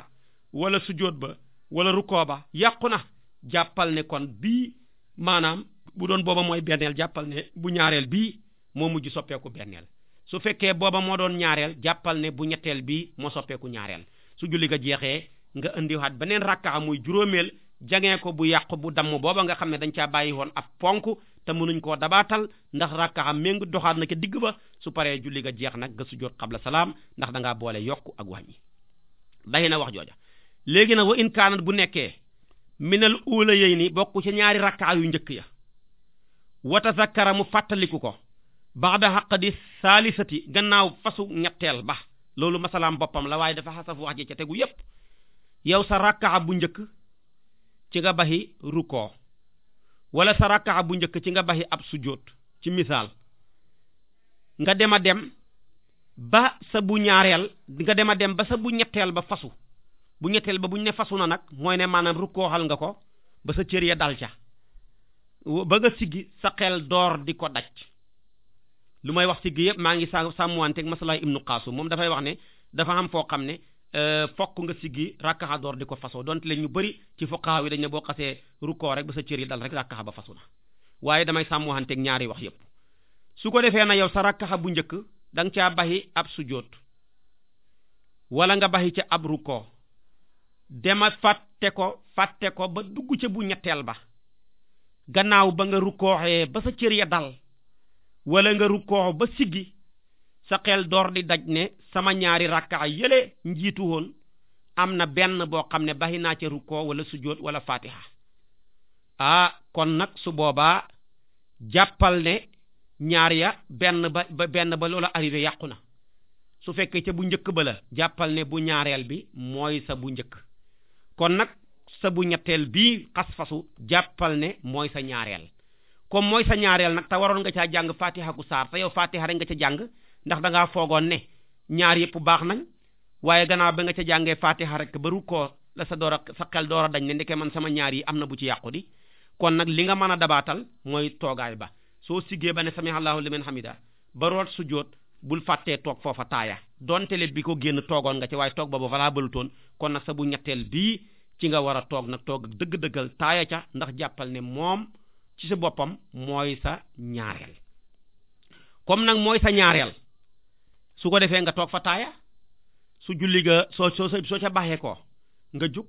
wala sujjoot ba wala rukkoo ba yàqu na jàppal ne kon bii maanaam bu doon booba mooy benneel jàppal ne bu ñaareel bii moo mujj soppeeku benneel su fekkee booba moo doon ñaareel jàppal ne bu ñetteel bii moo soppeeku ñaareel su julli ga jeexee nga indiwaat beneen rakkaa muy juróomeel jangee ko bu yàqu bu damm booba nga xam ne dañ caa bàyyi woon ab ponk te mënuñ koo dabaatal ndax rakkaa méng doxaat na ca digg ba su paree julli ga jeex nag nga sujjóot xabla salaam ndax dangaa boole yokk ak wàññi day na wax jooja léegi nag wa in kaanat bu nekkee minal uula yey ni bokk ci ñaari rakkaa yu njëkk ya wa tazakkara mu fàttaliku ko baxda xaq di saalisati gannaaw fasu ñetteel ba loolu masalaam boppam la waaye dafa xasaf wax ji ca tegu yépp yow sa rakkaa bu njëkk ci nga baxi rukkoo wala sa rakkaa bu njëkk ci nga baxi ab sujjóot ci misaal nga dem a dem ba sa bu ñaareel nga dem a dem ba sa bu ñetteel ba fasu bu ñetteel ba bu ñu ne fasu na nag mooy ne maanaam xal nga ko ba sa cër ya dal ca ba nga siggi sa xel door di ko daj lu may wax siggi yëpp maa ngi sa sàmmanteeg masalaay ibnu Qaasim moom dafay wax ne dafa am foo xam ne euh, fokk nga siggi rakkaxa door di ko fasoo donte leen ñu bëri ci fuqaha yi dañ ne boo xasee rukkoo rek ba sa cër yi dal rek rakkaxa ba fasu na waaye damay sàmmanteeg ñaari wax yëpp su ko defee na yow sa rakkaxa bu njëkk da nga caa baxi ab sujjóot wala nga baxi ca ab dema fàtte ko fàtte ko ba dugg ca bu ñetteel ba gannaaw ba nga rukkooxee ba sa cër ya dal wala nga rukkoox ba siggi sa xel door di daj ne sama ñaari rakkaa yële njiitu woon am na benn boo xam ne baxi naa ca rukkoo wala sujjóot wala fatiha ah kon nag su boobaa jàppal ne ñaar ya benn ba ba benn ba loola arrivé yàqu na su fekkee ca bu njëkk ba la jàppal ne bu ñaareel bi mooy sa bu njëkk kon nag sa bu ñetteel bii xas-fasu jàppal ne mooy sa ñaareel comme mooy sa ñaareel nag te waroon nga caa jàng fatiha ku saar te yow fatiha rek nga ca jàng ndax dangaa foogoon ne ñaar yëpp baax nañ waaye gannaaw ba nga ca jàngee fatiha rek ba rukkoo la sa door a sa xel door dañ ne ndeke man sama ñaar yi am na bu ci yàqu di kon nag li nga mën a dabaatal mooy toogaay ba soo siggee ba ne sami allahu liman hamida ba root sujjóot bul fàttee toog foofa taaya donte le bi ko génn toogoon nga ci waaye toog ba ba valable toon kon nag sa bu ñetteel bii ci nga war a toog nag toog dëgg-dëggal taaya ca ndax jàppal ne moom ci sa boppam mooy sa ñaareel comme nag mooy sa ñaareel su ko defee nga toog fa taaya su julli ga soo soo soo ca baxee ko nga jug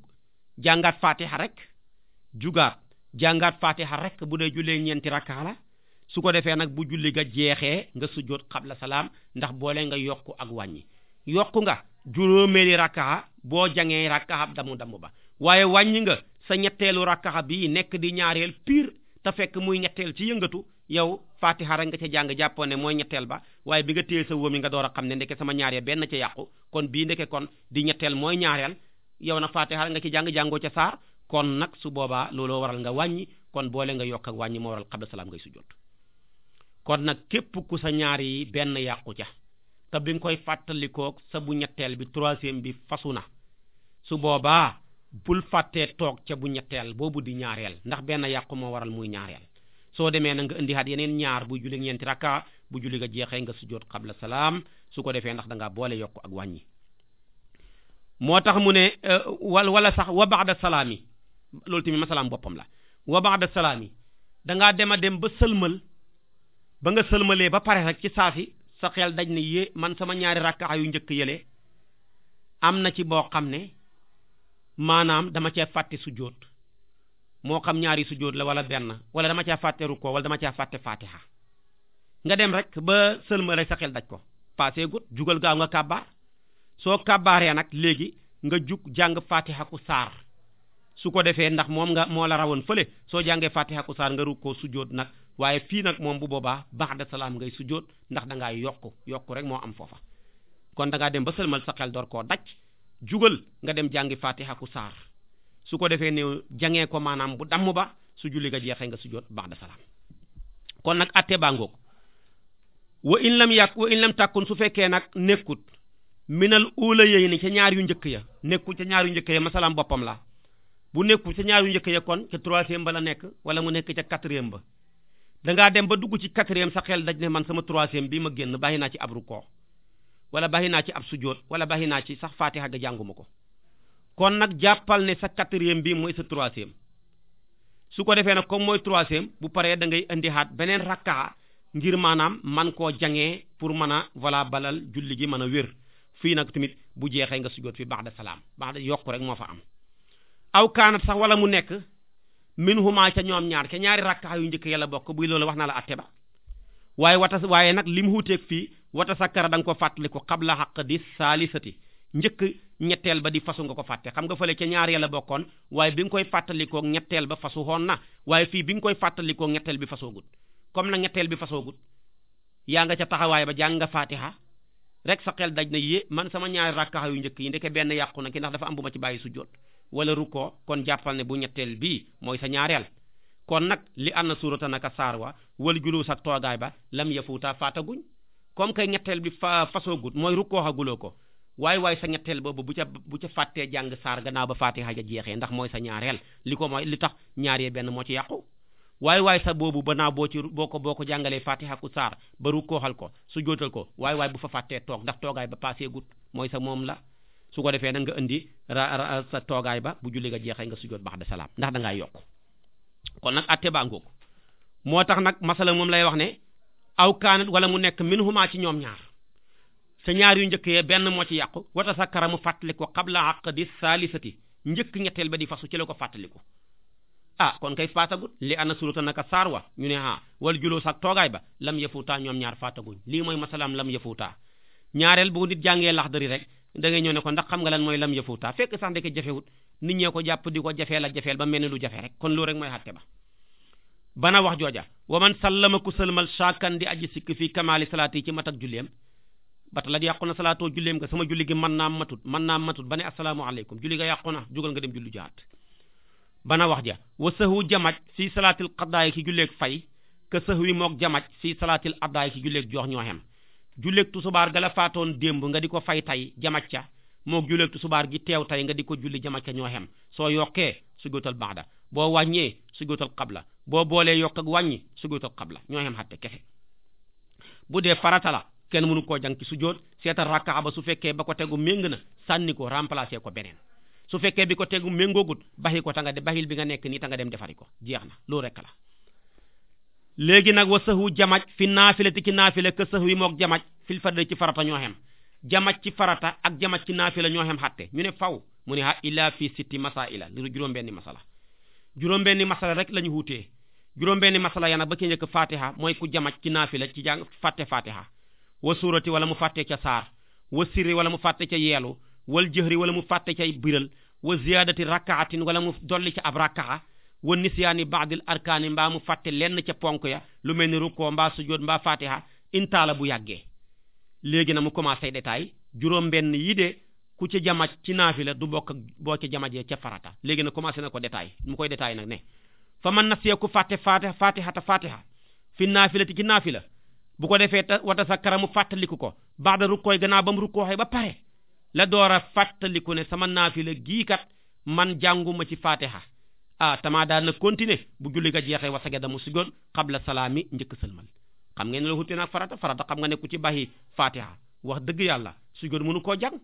jàngaat fatiha rek jugaat jàngaat fatiha rek bu dee jullee ñeenti rakkaa la su ko defee nag bu julli ga jeexee nga sujjóot xabla salaam ndax boole nga yokk ak wàññi yokk nga juróomeeli rakkaxa boo jangee rakkaxa damu damu ba waaye wàññi nga sa ñetteelu rakkaxa bi nekk di ñaareel pire te fekk muy ñetteel ci yëngatu yow fatiha rek nga ca jàng jàppoo ne mooy ñetteel ba waaye bi nga téye sa wóom yi nga door a xam ne ndeke sama ñaareel benn yàqu kon bii ndeke kon di ñetteel mooy yow nag fatiha rek nga ci jàng jàngoo ca saar kon nag su boobaa looloo waral nga wàññi kon boole nga yokk ak wàññi moo waral xabla salaam ngay sujjóot kon nag képp ku sa ñaar yi benn yàqu ca te bi nga koy fàttalikoo sa bu ñetteel bi troisième bi fasu na su boobaa bul fàttee toog ca bu ñetteel boobu di ñaareel ndax benn yàqu moo waral muy ñaareel soo demee nag nga indihaat yeneen ñaar bu julli ñeenti rakka bu julli nga jeexee nga sujjóot xabla salaam su ko defee ndax danga boole yokk ak wàññi moo tax mu ne euh, wal wala sax wa ba'da salaam yi loolu tamit masalaam boppam la wa ba'da salaam yi da dem a dem ba sëlmal ba nga sëlmalee ba pare rek ci saasi sa xel daj ne yé man sama ñaari rakkaa yu njëkk yële am na ci boo xam ne maanaam dama cee fàtte sujjóot moo xam ñaari sujjóot la wala benn wala dama caa fàtte rukkoo wala dama caa fàtte faatiha nga dem rek ba sëlmal rek sa xel daj ko passé gut jugal gaaw nga kàbbaar soo kàbbaaree nag léegi nga jug jàng fatiha ku saar su ko defee ndax moom nga moo la rawoon fële soo jàngee fatiha ku saar nga rukkoo sujjóot nag waaye fii nag moom bu boobaa ba'da salaam ngay sujjóot ndax da yokk yokku rek moo am foofa kon dangaa dem ba sëlmal sa xel door koo daj jugal nga dem jàngi fatiha ku saar su ko defee ne jangee ko maanaam bu damm ba su julli nga jeexee nga sujjóot ba'da salaam kon nag atte baa wa in lam yàq wa in lam tàkkun su fekkee nag nekkut minal uula yéy ni ca ñaar yu njëkk ya nekkul ca ñaar yu njëkk ya masalaam boppam la bu nekkul ca ñaar yu njëkk ya kon ca ba la nekk wala mu nekk ca quatrième ba dangaa dem ba dugg ci quatrième sa xel daj ne man sama troisième bi ma génn bàyyi naa ci ab rukkoo wala bàyyi naa ci ab sujoot wala bàyyi naa ci sax faatixa ga jànguma ko kon nag jàppal ne sa quatrième bi mooy sa troisième su ko defee nag comme mooy troisième bu paree dangay ngay indihaat beneen rakkaa ngir maanaam man koo jangee pour mën a voilà balal julli gi mën a wér fii nag tamit bu jeexee nga sujoot fi ba'da salaam ba'da yokk rek moo fa am aw kaanat mu nekk min huma ca ñoom ñaar ca ñaari rakka yu njëkk yàlla bokk buy loolu wax na la atte ba waaye wata waaye nag lim xuuteeg fii wata sakkara da nga ko fàttaliku xabla xaq di saalisati njëkk ñetteel ba di fasu nga ko fàtte xam nga fële ca ñaar yàlla bokkoon waaye bi nga koy fàttalikoo ñetteel ba fasu xoon na waaye fii bi nga koy fàttalikoo ñetteel bi fasoogut comme na ñetteel bi fasoogut yaa nga ca taxawaay ba jàng nga faatiha rek sa xel daj na yé man sama ñaari rakka yu njëkk yi ndeke benn yàqu na ki ndax dafa bu ma ci bàyyi sujjóot wala rukkoo kon jàppal ne bu ñetteel bii mooy sa ñaareel kon nag li ànd suurata naka saar wa wal juluu sa toogaay ba lam yafuuta faataguñ comme que ñetteel bi fa fasoogut mooy rukkoo xaguloo ko waaye waaye sa ñetteel boobu bu ca bu ca fàttee jàng saar gannaaw ba faatiha ja jeexee ndax mooy sa ñaareel li ko mooy li tax ñaaree benn moo ci yàqu waaye waaye sa boobu ba naa boo ci boo ko boo ko jàngalee fatiha ku saar ba rukkooxal ko su jootal ko waaye waaye bu fa fàttee toog ndax toogaay ba passé gut mooy sa moom la su ko defee nag nga indi ra sa toogaay ba bu julli nga jeexee nga baax de salaam ndax da ngaa yokk kon nag atte baa ngoog moo tax nag masala moom lay wax ne aw kaanat wala mu nekk minhuma ci ñoom ñaar sa ñaar yu njëkk yee benn moo ci yàqu wata sa karamu fàttaliku qabla aqdi saalisati njëkk ñetteel ba di fasu ci la ko fàttaliku ah kon kay faatagut li ana suruta naka saar wa ñu ne ah wala juloo sax toogaay ba lam yafuutaa ñoom ñaar faataguñ lii mooy masalaam lam yafuutaa ñaareel bu nit jàngee laxdari rek da ngay ñëw ne ko ndax xam nga lan mooy lam yafuuta fekk sax ndeke jafewut nit ñee ko jàpp di ko jafeel ak jafeel ba mel ni lu jafe rek kon loolu rek mooy xatte ba bana wax jooja wa man sallama ku mal shaakan di aj sikk fii kamaali salaat yi ci mat ak julleem bata la yàqu na salaatoo julleem nga sama julli gi mën naa matut man naa matut ba ne assalaamu aleykum julli nga yàqu na jugal nga dem jullu jaat bana wax ja wa sëhu jamaj si salaatil qadaay ki julleeg fay ka sëhu yi mook jamaj fii salaatil adaay ki julleeg jox ñoo xem julleeg tusubaar ga la faatoon démb nga di ko fay tay jamacca moo julleeg tusubaar gi teew tay nga di ko julli jamacca ñoo xem soo yokkee sujjóotal baxda boo wàññee sujjóotal xabla boo boolee yokk ak wàññi sujjóotal xabla ñoo xem xatte kese bu dee farata la kenn mënu koo jàng ci sujjóot seetal rakkaa ba su fekkee ba ko tegu méng na sànni ko remplacer ko beneen su fekkee bi ko tegu méngoogut baxi ko ta nga de baxil bi nga nekk nii ta nga dem defari ko jeex na loolu rek la léegi nag wa sëxu jamaj fi naafilati ci naafila ka sëxu yi mook jamaj fil farda ci farata ñoo xem jamaj ci farata ak jamaj ci naafila ñoo xem xatte ñu ne faw mu ne ah illa fi sitti masaila lu juróom-benni masala juróom-benni masala rek la ñu wuutee juróom-benni masala yana ba ki njëkk fatiha mooy ku jamaj ci naafila ci jàng fàtte fatiha wa suurati wala mu fàtte ca saar wa sirri wala mu fàtte ca yeelu wal jëhri wala mu fàtte ca biral wa ziyaadati rakaatin wala mu dolli ca ab rakaa wa nisyaani baadil arkaani mbaa mu fàtte lenn ca ponk ya lu mel ni rukkoo mbaa sujjóot mbaa fatiha intaala bu yàggee léegi na mu commencé détail juróom benn yii de ku ci jamaj ci naafila du bokk boo ci jamajee ca farata léegi na commencé na ko détail mu koy détail nag ne fa man nasiya ku fàtte fatiha fatihata fatiha fi naafilati ci naafila bu ko defee wata sa mu fàttaliku ko baada rukkooy gannaaw ba mu rukkooxee ba pare la door a fàttaliku ne sama naafila gii kat man jànguma ci fatiha ah tamaa daa na continuer bu julli ga jeexee wa sajada mu sujjoon xabla salaami njëkk sëlmal xam ngeen ne la wutee nag farata farata xam nga ne ku ci bàyyi fatiha wax dëgg yàlla sujjoon mënu koo jàng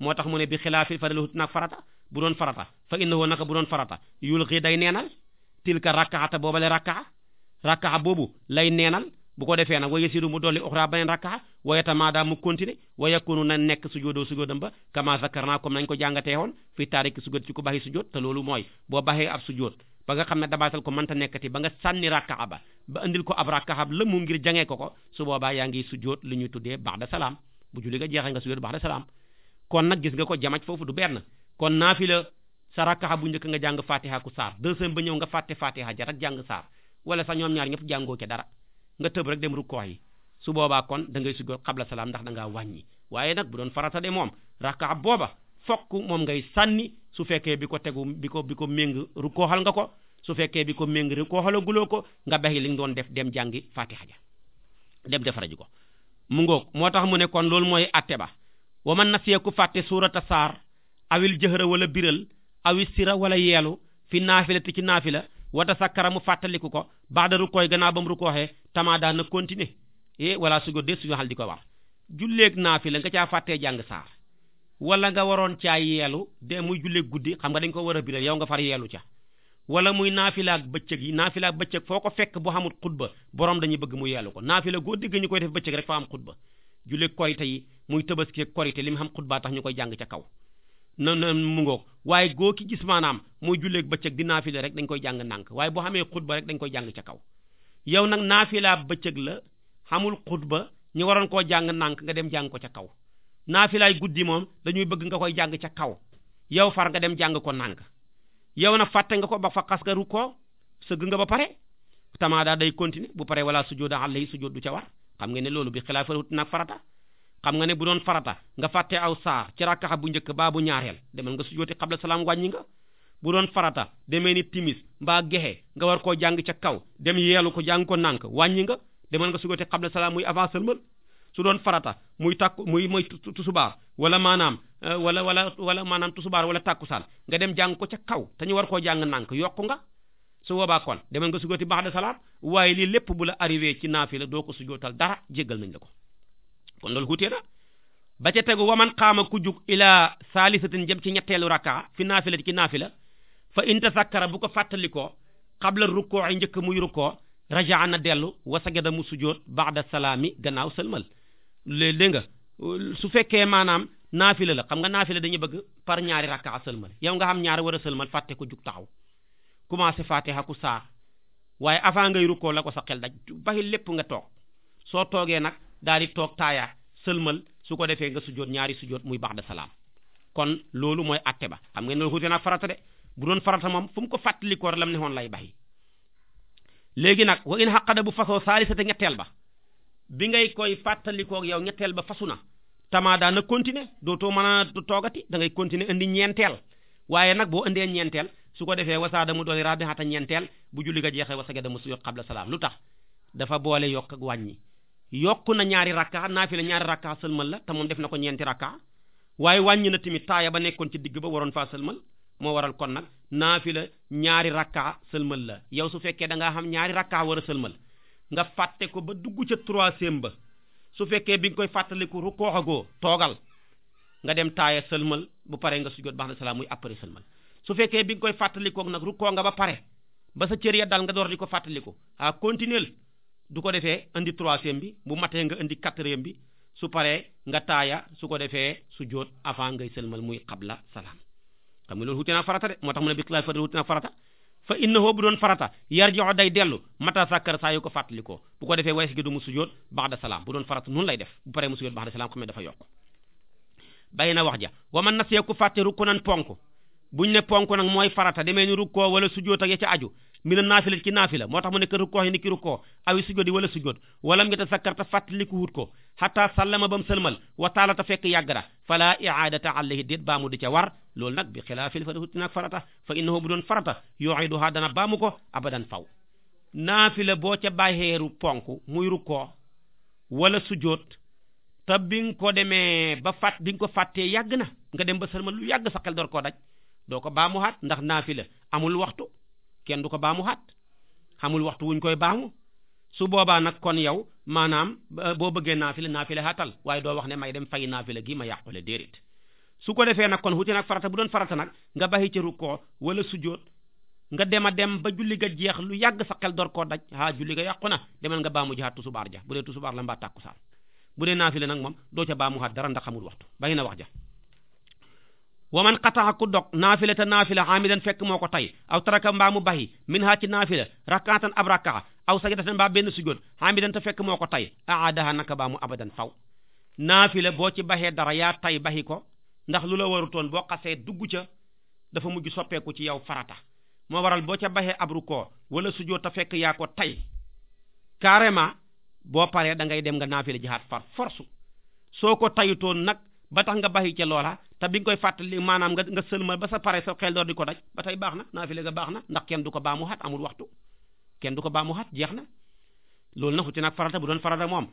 moo tax mu ne bi xilaafi fari la wutee nag farata bu doon farata fa innahu naka bu doon farata yul xii day neenal tilka rakkaata boobale rakkaa rakkaa boobu lay neenal bu ko defee nag wa yasiru mu dolli uxra beneen rakka wa yatamada mu continuer wa yakunu na nekk sujjóodoo sujjóodam ba kama zakarna comme nañ ko jàngatee woon fi taariki sujjóod ci ku baxi te loolu mooy boo baxee ab sujjóod ba nga ne dabaatal ko mënta nekkati ba nga sànni rakka ba ba indil ko ab rakka la mu ngir jangee ko ko su boobaa yaa ngi sujjóod li ñuy tuddee baax ba'da salaam bu julli nga jeexee nga sujjóod ba'da salaam kon nag gis nga ko jamaj foofu du beer na kon naafila sa rakka bu njëkk nga jàng fatiha ku saar deuxième ba ñëw nga fàtte fatiha ja wala sa ñoom ñaar ñëpp jàngoo ca dara nga tëb rek dem rukkoo yi su boobaa kon da ngay sujjoot xabla salaam ndax da ngaa wàññi waaye nag bu doon farata de moom raka booba fokk moom ngay sànni su fekkee bi ko tegu bi ko bi ko méng rukkooxal nga ko su fekkee bi ko méng rukkooxala guloo ko nga baxi li nga doon def dem jàngi fatiha ja dem defaraji ko mu ngoog moo tax mu ne kon loolu mooy atte ba wa man nasiya ku fàtte suurata saar awil jëhëra wala biral awil sira wala yeelu fi naafilati ci naafila wata sakkara mu fàttaliku ko baax da rukkooy gannaaw ba mu rukkooxee tamaada na continuer e wala su de suñu xal di ko war julleeg naafila nga caa fàttee jàng saar wala nga waroon caa yeelu de muy julleeg guddi xam nga dañ ko war a biral yow nga far yeelu ca wala muy naafilaak bëccëg yi naafilaak bëccëg foo ko fekk bu xamul xutba borom dañu bëgg mu yeelu ko naafila goo digg ñu koy def bëccëg rek fa am xutba julleeg korite yi muy tëbaskeeg korite li mu xam xutbaa tax ñu koy jàng ca kaw na na mu ngoog waaye goo ki gis maanaam mooy julleeg bëccëg di naafila rek dañ koy jàng ndànk waaye boo xamee xutba rek dañ koy jàng ca kaw yow nag naafila bëccëg la xamul xutba ñu waroon koo jàng ndànk nga dem jàng ko ca kaw naafilaay guddi moom dañuy bëgg nga koy jàng ca kaw yow far nga dem jàng ko ndànk yow na fàtte nga ko ba fa xas ko sëgg nga ba pare tamaada day continuer bu pare wala sujjóoda alayhi sujjóot du ca war xam nga ne loolu bi xilaafawut nag farata xam nga ne bu doon farata nga fàtte aw saar ci rakkaxa bu njëkk baa bu ñaareel demal nga sujooti xabla salaam wàññi nga bu doon farata demee ni timis mbaa gexe nga war koo jàng ca kaw dem yeelu ko jàng ko nànk wàññi nga demal nga sujooti xabla salaam muy avant sëlmal su doon farata muy tàkku muy muy tusubaar wala maanaam euh, wala wala wala maanaam tusubaar wala tàkkusaan nga dem jàng ko ca kaw te ñu war koo jàng nànk yokku nga su boobaa kon demal nga sujooti ba'da salaam waaye lii lépp bu la arrivé ci naafila doo ko sujootal dara jéggal nañ la ko kon loolu wutee ba ca tegu man xaama ku jug ilaa saalisatin jëm ci ñetteelu rakka fi naafila ci naafila fa inta sakkara bu ko fàttalikoo xabla rukkoo ay njëkk muy rukkoo rajaa na dellu wa wasagada mu baax ba'da salaami gannaaw sëlmal léegi dégg nga su fekkee maanaam naafila la xam nga naafila dañuy bëgg par ñaari rakka sëlmal yow nga xam ñaari war a sëlmal fàtte ko jug taxaw commencé fatiha ku saar waaye avant ngay rukkoo la ko sa xel daj bàyyi lépp nga toog soo toogee nag daal di toog taaya sëlmal su ko defee nga sujjóot ñaari sujjóot muy baax de salaam kon loolu mooy atte ba xam ngeen loolu xuute naa farata de bu doon farata moom fu mu ko fàttalikoo lam ne lay bàyyi léegi nag wa in xaqada bu fasoo saalisata ñetteel ba bi ngay koy fàttalikoog yow ñetteel ba fasu na tamaa daana continuer dootoo mën a toogati da ngay continuer indi ñeenteel waaye nag boo indee ñeenteel su ko defee wasaada mu dooli rabi xata ñeenteel bu julli ga jeexee wasa ga dama xab la salaam lu tax dafa boole yokk ak wàññi yokk na ñaari rakka la ñaari rakka sëlmal la te moom def na ko ñeenti rakka waaye wàññi na tamit taaya ba nekkoon ci digg ba waroon faa sëlmal moo waral kon nag la ñaari rakka sëlmal la yow su fekkee da ngaa xam ñaari rakka wara a sëlmal nga fàtte ko ba dugg ca troisième ba su fekkee bi nga koy fàttaliku rukkoo xagoo toogal nga dem taaya sëlmal bu paree nga sujjóot ba'da salaam muy après sëlmal su fekkee bi nga koy fàttalikoo nag rukkoo nga ba pare ba sa cër ya dal nga door di ko fàttaliku ah continuer du ko defee indi troisième bi bu matee nga indi quatrième bi su paree nga taaya su ko defee su jóot avant ngay sëlmal muy xabla salaam xam nga loolu wuute naa farata moo tax mu ne bi classe fadl wuute naa farata fa bu doon farata yarji'u day dellu mata sakkar saa yu ko fàttali ko bu ko defee wees gi du mu sujjóot ba'da salaam bu doon farata noonu lay def bu paree mu sujjóot ba'da salaam xam ne dafa yokk bàyyi na wax ja wa man na nasiya ku fàtte rukkunan ponk buñ ne ponk nag mooy farata demee ni rukkoo wala sujjóot ak ya ca aju mina naafila ci naafila moo tax mu ne ka rukkoo yi ni ki rukkoo awi sujjóot yi wala sujjóot walam yata sakkarta fàttaliku wut ko xataa sallama ba mu sëlmal wa taalata fekk yàggara fala iadata alayhi déet baa mu di ca war loolu nag bi xilaafil fa dahutti naag farata fa innahu bu doon farata yu'iduha dana baa mu ko abadan faw naafila boo ca bàyyeeru ponk muy rukkoo wala sujjóot te bi ko demee ba fàtt bi nga ko fàttee yàgg na nga dem ba sëlmal lu yàgg sa xel door koo daj doo ko baamuwaat ndax naafila amul waxtu kenn du ko baamu xaat xamul waxtu wuñ koy baamu su boobaa nag kon yow maanaam euh, boo bëggee naafila naafila xaatal waaye doo wax ne may dem fay naafila gi ma yàqule déedéet su ko defee nag kon wuti nag farata bu doon farata nag nga baxi ci rukkoo wala sujjóot nga dem a dem ba julli ga jeex lu yàgg sa xel door koo daj ah julli ga yàqu na demal nga baamu jihaat tusubaar ja bu dee tusubaar la mbaa tàkkusaan bu dee naafila nag moom doo ca baamu xaat dara ndax xamul waxtu bàyyi na wax ja wa man xataxa ku dog naafila te naafila xamidan fekk moo ko tay aw taraka mbaa mu baxi min ha ci naafila tan ab rakaxa aw sajadatan mbaa benn sujjóot xamidan te fekk moo ko tay aadaha naka baa mu abadan faw naafila boo ci baxee dara yaa tay baxi ko ndax lu la warutoon boo xasee dugg ca dafa mujj soppeeku ci yow farata moo waral boo ca baxee abru koo wala sujjóot te fekk yaa ko tay carrément boo paree da ngay dem nga naafila jihaat far force soo ko ba tax nga bàyyi ca loola te bi nga koy fàttali maanaam nga nga sëlmal ba sa pare sa xel door di ko daj ba tey baax na naafile ga baax na ndax kenn du ko baa mu xat amul waxtu kenn du ko baa mu xat jeex na loolu na xuti nag farata bu doon farata moom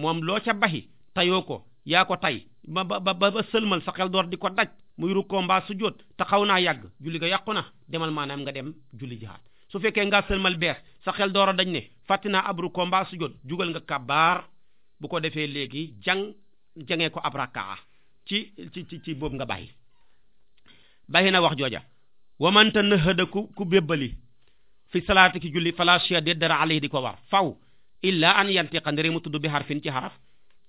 moom loo ca baxi tayoo ko yaa ko tay ba ba ba ba sëlmal sa xel door di ko daj muy rukkoo mbaa sujjóot te xaw naa yàgg julli ga yàqu na demal maanaam nga dem julli jihaat su fekkee ngaa sëlmal bees sa xel door dañ ne fàtti naa ab rukkoo mbaa sujjóot jugal nga kabaar bu ko defee léegi jàng jangee ko ab ci ci ci ci boobu nga bàyyi bàyyi na wax jooja wamanta nëxëda ku ku bébbali fi salaati ki julli fala chia de dara alayhi di ko war faw illa an yantiqa ndere mu tudd bi harfin ci xaraf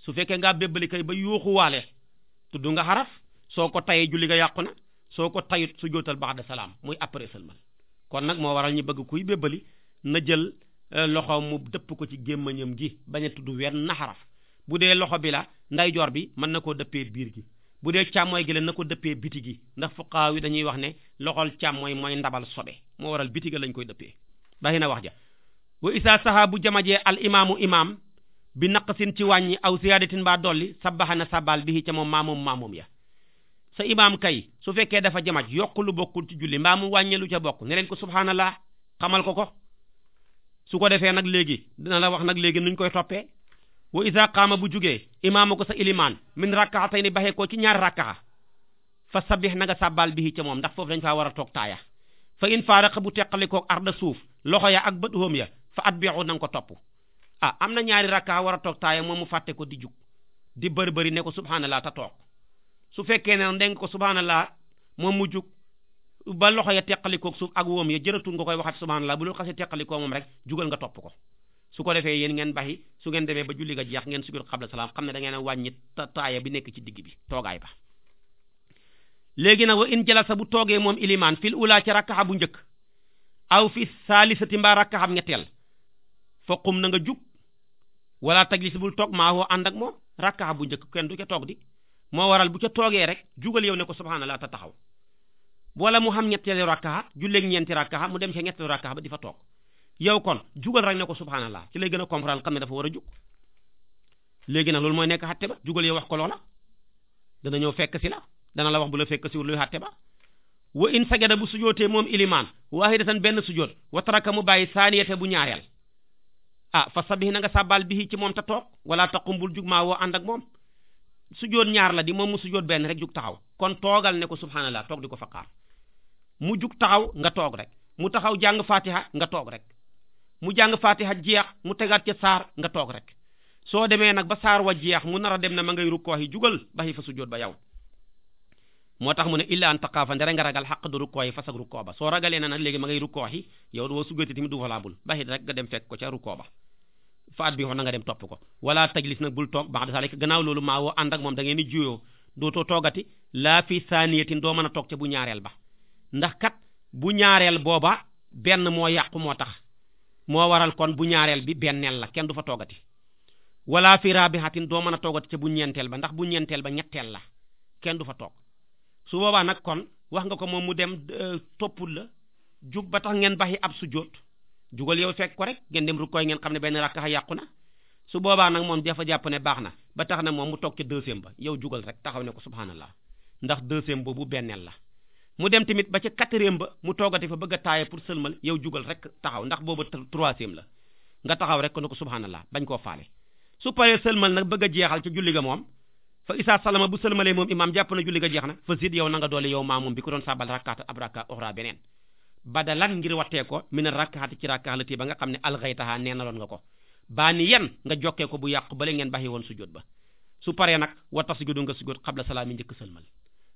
su fekkee ngaa bébbali kay ba yuuxuwaale tudd nga xaraf soo ko tayee julli nga yàqu na soo ko tayut su jootal ba'da salaam muy après seulement kon nag moo waral ñu bëgg kuy bébbali na jël eh, loxoom mu dëpp ko ci gémmañam ji bañ a tudd wenn na xaraf bu dee loxo bi la ndeyjoor bi mën na koo dëppee biir gi bu dee càmmooy gi la na ko dëppee biti yi ndax fuqaa yi dañuy wax ne loxol càmmooy mooy ndabal sobe moo waral biti ga lañ koy dëppee ba na wax ja wa isaa sahaa bu jamajee al imaamu imaam bi naqsin ci wàññi aw siyaadatin baa dolli sabaxa na sabal bihi ca moom maamoom maamoom ya sa imaam kay su fekkee dafa jamaj yokk lu bokkul ci julli mbaa mu wàññi lu ca bokk ne leen ko subhaanallah xamal ko ko su ko defee nag léegi dina la wax nag léegi nuñ koy toppee wa isa qaama bu jugee imaama ko sa ilimaan min rakkaatay ni baxee koo ci ñaar rakkaa fa sabih na nga sàbbaal bi ca moom ndax foofu dañ faa war a toog taaya fa in faaraqa bu teqalikoog arda suuf loxo ya ak bët hóom ya fa at na nga ko topp ah am na ñaari rakkaa war a toog taaya moom mu fàtte ko di jug di bëri bëri ne ko subhaanallaa ta toog su fekkee ne ndeng ko subhaanallaa moom mu jug ba loxo ya teqalikoog suuf ak wóom ya jërëtul nga koy waxat subhaanallaa bu loolu xasee teqalikoo moom rek jugal nga topp ko su ko defee yéen ngeen baxi su ngeen demee ba julli ga jeex ngeen sujud xabla salaam xam ne da ngeen wàññi taaya bi nekk ci digg bi toogaay ba léegi nag wa in jalasa bu toogee moom ilimaan fil ula ci rakkaxa bu njëkk aw fi saalisati mbaa rakkaxam ñetteel foqum na nga jug wala si bul toog maa woo ànd ak moom rakkaxa bu njëkk kenn du ca toog di moo waral bu ca toogee rek jugal yow ne ko subhaanallaa ta taxaw wala mu xam ñetteelu rakkaxa julleeg ñeenti rakkaxa mu dem ca ñetteelu rakkaxa ba di fa toog yow kon jugal rek ne ko subhanallah ci lay gën a comprendre xam ne dafa war a jug léegi nag loolu mooy nekk xatte ba jugal yow wax ko loola dana ñëw fekk si la dana la wax bu la fekk si wul luy xatte ba wa in sajada bu sujootee moom ilimaan waahidatan benn sujoot wa taraka mu bàyyi saaniyate bu ñaareel a ah, fa sabih na nga sàbbaal bihi ci moom ta toog wala taqum kumbul jug maa woo ànd ak moom sujoot ñaar la di moom mu sujoot benn rek jug taxaw kon ne ko subhanallah toog di ko fa mu jug taxaw nga toog rek mu taxaw jàng fatiha nga toog rek mu jàng fatiha jeex mu tegaat ca saar nga toog rek soo demee nag ba saar wa jeex mu nar a dem na ma ngay rukkoox yi jugal baxi fa sujjóot ba yow moo tax mu ne illa an taqaafa ndere nga ragal xaq du rukkoox yi fasak ba soo ragalee na nag léegi ma ngay rukkoox yi yow woo sugati tamit du valable baxi rek nga dem ko ca bi xoon na nga dem topp ko wala tajlis nag bul toog ba'da zalika gannaaw loolu maa woo ànd ak moom da ngeen di juyoo dootoo toogati laa fi saaniyatin doo mën a toog ca bu ñaareel ba ndax kat bu ñaareel booba benn moo yàqu moo tax moo waral kon bu ñaareel bi benneel la kenn du fa toogati wala fi xatin doo mën a toogati ca bu ñeenteel ba ndax bu ñeenteel ba ñetteel la kenn du fa toog su boobaa nag kon wax nga ko moom mu dem euh, toppul la jub ba tax ngeen baxi ab sujjóot jugal yow fekk ko rek ngeen dem rukkooy ngeen xam ne benn rakka yàqu na su boobaa nag moom dafa jàpp ne baax na ba tax na moom mu toog ca deuxième ba yow jugal rek taxaw ne ko subhanallah ndax deuxième boobu benneel la mu dem tamit ba ca quatrième ba mu toogati fa bëgg a taaye pour sëlmal yow jugal rek taxaw ndax booba troisième la nga taxaw rek ne ko subhanallah bañ koo faale su paree sëlmal nag bëgg a jeexal ca julli ga moom fa isaa salama bu sëlmalee moom imaam jàpp na jeex na fa na nga doole yow maa moom bi ku doon sabal rakkaatu ab rakka uxra beneen badalan ngir wattee ko mina ci rakkaa la tii ba nga xam ne alxaytaha nee na loon nga ko baa ni yan nga jokkee ko bu yàqu bale ngeen baxi woon sujjóot ba su paree nag wa tasjudu nga sujjóot xabla salaam yi njëkk sëlmal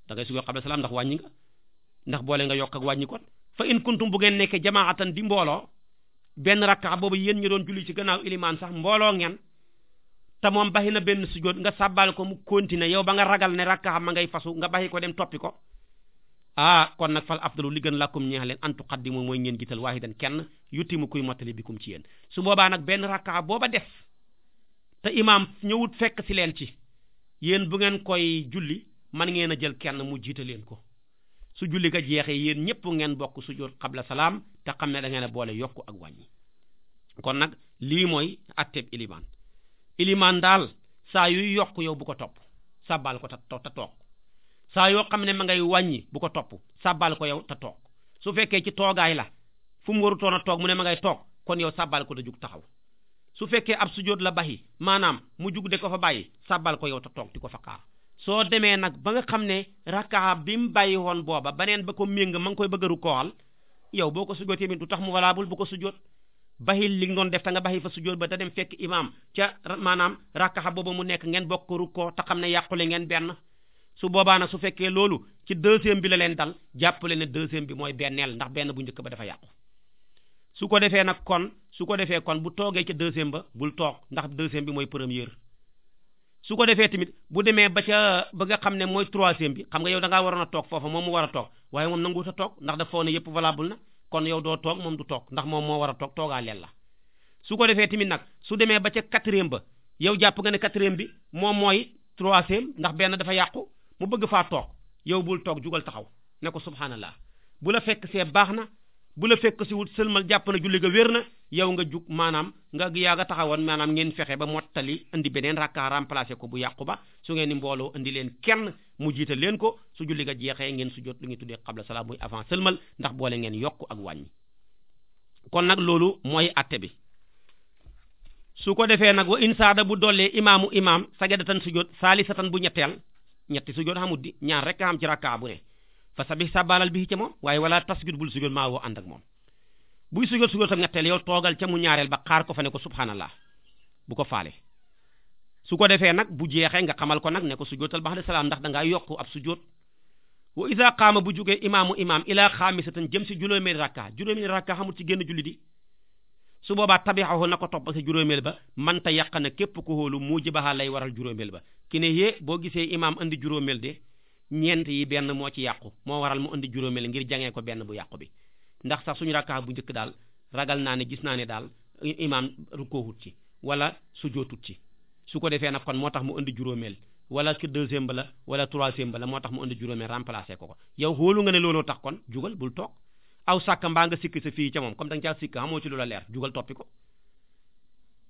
da ngay sujjóot xabla salaam ndax wàññi nga ndax boole nga yokk ak wàññi kon fa in kuntum bu ngeen nekkee jamaatan di mbooloo benn rakka boobu yéen ñu doon julli ci gannaaw ilimaan sax mbooloo ngeen te moom baxi na benn sujjóot nga sàbbaal ko mu continuer yow ba nga ragal ne rakka ma ngay fasu nga baxi ko dem toppi ko ah kon nag fal afdalu li gën làkkum ñeex leen an tuqaddimu mooy ngeen jiital waahidan kenn yutti mu kuy mottali bikum ci yéen su boobaa nag benn rakka booba def te imaam ñëwut fekk si leen ci yéen bu ngeen koy julli man ngeen a jël kenn mu jiite ko su julli ga jeexee yéen ñëpp ngeen bokk sujjóot xabla salaam te xam ne da ngeen a boole yokku ak wàññi kon nag lii mooy atteb ilimaan ilimaan daal saa yuy yokk yow bu ko topp sàbbaal ko ta ta toog saa yoo xam ne ma ngay wàññi bu ko topp sàbbaal ko yow te toog su fekkee ci toogaay la fu mu warutoon a toog mu ne ma ngay toog kon yow sàbbaal ko da jug taxaw su fekkee ab sujjóot la baxi maanaam mu jug de ko fa bàyyi sàbbaal ko yow ta toog di ko fa xaar soo demee nag ba nga xam ne rakkaa bi mu bàyyi woon booba baneen ba ko méng ma ngi koy bëgg a rukkooxal yow boo ko sujjootee tamit du tax mu walaabul bu ko sujjoot baxil li nga def ta nga baxil fa sujjoot ba da dem fekk imaam ca maanaam rakkaa booba mu nekk ngeen bokk ko rukkoo te xam ne yàqule ngeen benn su boobaa nag su fekkee loolu ci deuxième bi la leen dal jàppale ne deuxième bi mooy benneel ndax benn bu njëkk ba dafa yàqu su ko defee nag kon su ko defee kon bu toogee ca deuxième ba bul toog ndax deuxième bi mooy première su ko defee tamit bu demee ba ca ba nga xam ne mooy troisième bi xam nga yow da ngaa waroon a toog foofa moom mu war a toog waaye moom nanguwut a toog ndax dafa foog ne yëpp valable na kon yow doo moom du toog ndax moom moo war a toog toogaaleel la su ko defee tamit nag su demee ba ca quatrième ba yow jàpp nga ne quatrième bi moom mooy troisième ndax benn dafa yàqu mu bëgg faa toog yow bul toog jugal taxaw ne ko subhanallah bu la fekk see baax na bu la fekk si wut sëlmal jàpp na julli ga wér na yow nga jug maanaam nga yaa nga taxawoon maanaam ngeen fexe ba mottali indi beneen rakka remplacé ko bu yàqu ba su ngeen ni mbooloo indi leen kenn mu jiita leen ko su julli ga jeexee ngeen su jot lu ngi tuddee xabla salaam muy avant sëlmal ndax boole ngeen yokk ak wàññi kon nag loolu mooy atte bi su ko defee nag wa insaada bu dollee imaamu imaam sagedatan sujjóot saalisatan bu ñetteel ñetti sujjóot xamut di ñaar rek am ci rakka bu ne fa sabih sabaalal bi ci moom waaye wala tasjud bul sujud maa woo ànd ak moom buy sujud sujud tam ñetteel yow toogal ca mu ñaareel ba xaar ko fa ne ko subhanallah bu ko faale su ko defee nag bu jeexee nga xamal ko nag ne ko sujootal ba'da salaam ndax dangaa yokku ab sujoot wa isa qaama bu jógee imaamu imaam ilaa xaamisatan jëm si juróomeel rakka juróomeel rakka xamul ci génn julli di su boobaa tabixahu na ko topp sa juróomeel ba manta yàq na képp mu xóolu mujibaha lay waral juróomeel ba ki ne yée boo gisee imaam andi juróomeel de ñeent yi benn moo ci yàqu moo waral mu indi juróomeel ngir jangee ko benn bu yàqu bi ndax sax suñu rakkaa bu njëkk daal ragal naa ne gis naa ne daal imaam rukkoohut ci wala sujootut ci su ko defee nag kon moo tax mu indi juróomeel wala ci deuxième ba la wala troisième ba moo tax mu indi juróomeel remplacé ko ko yow xóolu nga ne looloo tax kon jugal bul toog aw sàkk mbaa nga sikki sa fii ca moom comme da nga caa sikk xamoo ci loola leer jugal toppi ko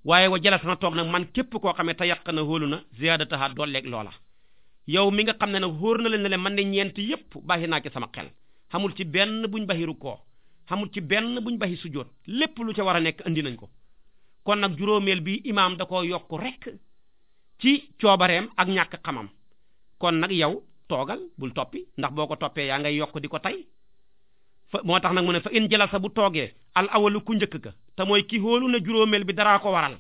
waaye wa jala sana toog nag man képp koo xamee te yàq na xóolu na ziyaadataha doolleeg loola yow mi nga xam ne nag wóor na leen ne leen man de ñeent yépp baaxi naa ci sama xel xamul ci benn buñ baxi rukkoo xamul ci benn buñ baxi sujjóot lépp lu ca war a nekk indi nañ ko kon nag juróomeel bi imaam da koo yokk rek ci coobareem ak ñàkk xamam kon nag yow toogal bul toppi ndax boo ko toppee yaa ngay yokk di ko tey fa moo tax nag mu ne fa in jalasa bu toogee al awalu ku njëkk ka te mooy ki xóolu na juróomeel bi daraa ko waral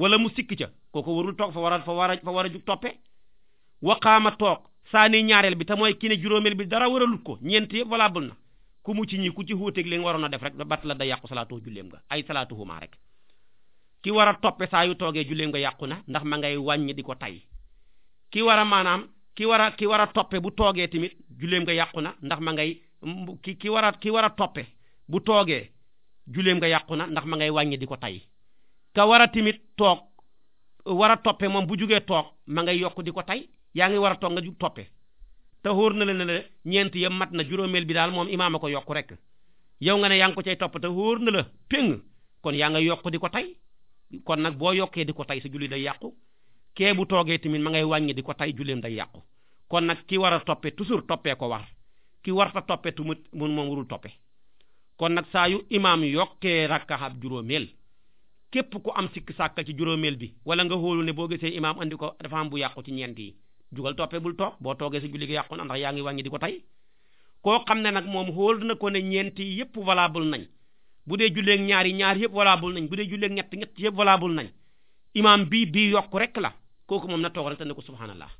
wala mu sikk ca ko warul toog fa war a a war a jug toppee waqaama toog saani ñaareel bi te mooy ki ne juróomeel bi dara waralut ko ñeent yëpp valable na ku mu ci ñi ku ci xuuteeg li waroon a def rek da bat la da yàqu salaatoo julleem nga ay salaatu huma rek ki war a toppe saa yu toogee julleem nga yàqu na ndax ma ngay wàññi di ko tay ki war a maanaam ki war a ki war a toppe bu toogee tamit julleem nga yàqu na ndax ma ngay ki ki war a ki war a toppe bu toogee julleem nga yàqu na ndax ma ngay wàññi di ko tay ka war a tamit toog war a toppe moom bu jugee toog ma ngay yokk di ko tay yaa ngi war a toog nga jug toppe te xóor na la ne la ñeent ya mat na juróomeel bi daal moom imaam a ko yokk rek yow nga ne yaa ngi ko cay topp te xóor na la péng kon yaa nga yokk di ko tay kon nag boo yokkee di ko tey sa julli day yàqu kee bu toogee tamit ma ngay wàññi di ko tay julleem day yàqu kon nag ki war a toppe toujours toppee ko war ki war ta toppe tumut mun moom warul toppe kon nag saa yu imaam yokkee rakkaxab juróomeel képp ku am sikk sàkka ci juróomeel bi wala nga xóolu ne boo gisee imaam indi ko dafa am bu yàqu ci ñeent yi jugal toppee bul toog boo toogee sa julli gi yàqu na ndax yaa ngi di ko tey koo xam ne nag moom xool na ko ne ñeenti yëpp valable nañ bu dee julleeg ñaar yi ñaar yëpp valable nañ bu dee julleeg ñett ñett yëpp valable nañ imaam bi bi yokk rek la kooku moom na toog rek te ne ko subhanallah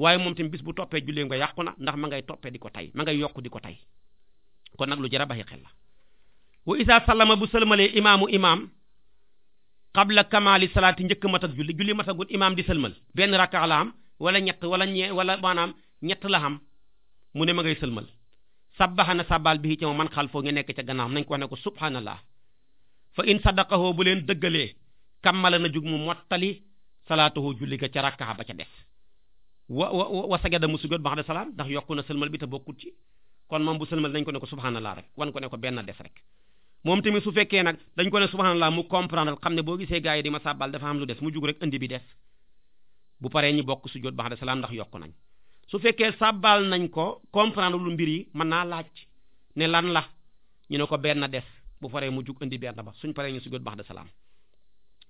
waaye moom tamit bis bu toppee julleeg nga yàqu na ndax ma ngay toppee di ko tey ma ngay yokk di ko tey kon nag lu jar a bàyyi xel la wa isa ma bu sëlmalee imaamu imaam qabla kamali salaati njëkk matak julli julli matagul imaam di sëlmal benn rakka wala ñett wala ñee wala maanaam ñett la xam mu ne ma ngay sëlmal sabbaxa na sabbal bi ci moom man xal foo ngi nekk ca gannaawam nañ ko wax ne ko subhanallah fa in sadaqahoo bu leen dëggalee kammala na jug mu mottali salaatahoo julli ga ca rakkaxa ba ca des wa wa wa sagada mu sujjóot ndax yokku na sëlmal bi te bokkut ci kon moom bu sëlmal nañ ko ne ko subhanallah rek wan ko ne ko benn des rek moom tamit su fekkee nag dañ ko ne subhanallah mu comprendre xam ne boo gisee gars yi di ma sabbal dafa am lu des mu jug rek indi bi des bu paree ñi bokk sujjóot ba xam salaam ndax yokk nañ su fekkee sàbbaal nañ ko comprendre lu mbir yi mën naa laaj ne lan la ñu ne ko benn des bu paree mu jug indi benn ba suñ paree ñu sujjóot ba xam salaam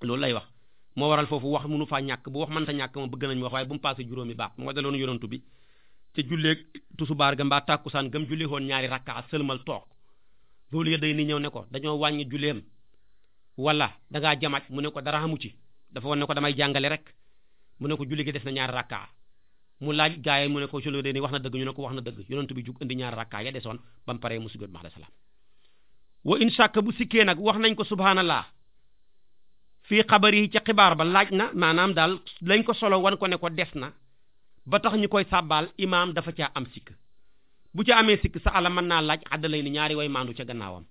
loolu lay wax. moo waral foofu wax munu faa ñàkk bu wax mënta ñàkk ma bëgg nañ wax waaye bu mu passé juróomi baax moo daloon yonantu bi ca julleeg tusubaar ga mbaa tàkkusaan gam julli woon ñaari rakkaa sëlmal toog loolu yëpp day ni ñëw ne ko dañoo wàññi julleem wala da ngaa mu ne ko dara amu ci dafa ne ko damay jàngale rek mu ne ko julli gi des na ñaari rakka mu laaj gaa yi mu ne ko ci loolu wax na dëgg ñu ne ko wax na dëgg yonent bi jug indi ñaari rakka ya desoon ba mu paree mu sujjóot wa in shakka bu sikkee nag wax nañ ko subhaanallah fii xabar yi ca xibaar ba laaj na maanaam daal lañ ko solo wan ko ne ko des na ba tax ñu koy sàbbaal imaam dafa caa am sikk bu ca amee sikk sa ala mën naa laaj àddalay ni ñaari way maandu ca gannaawam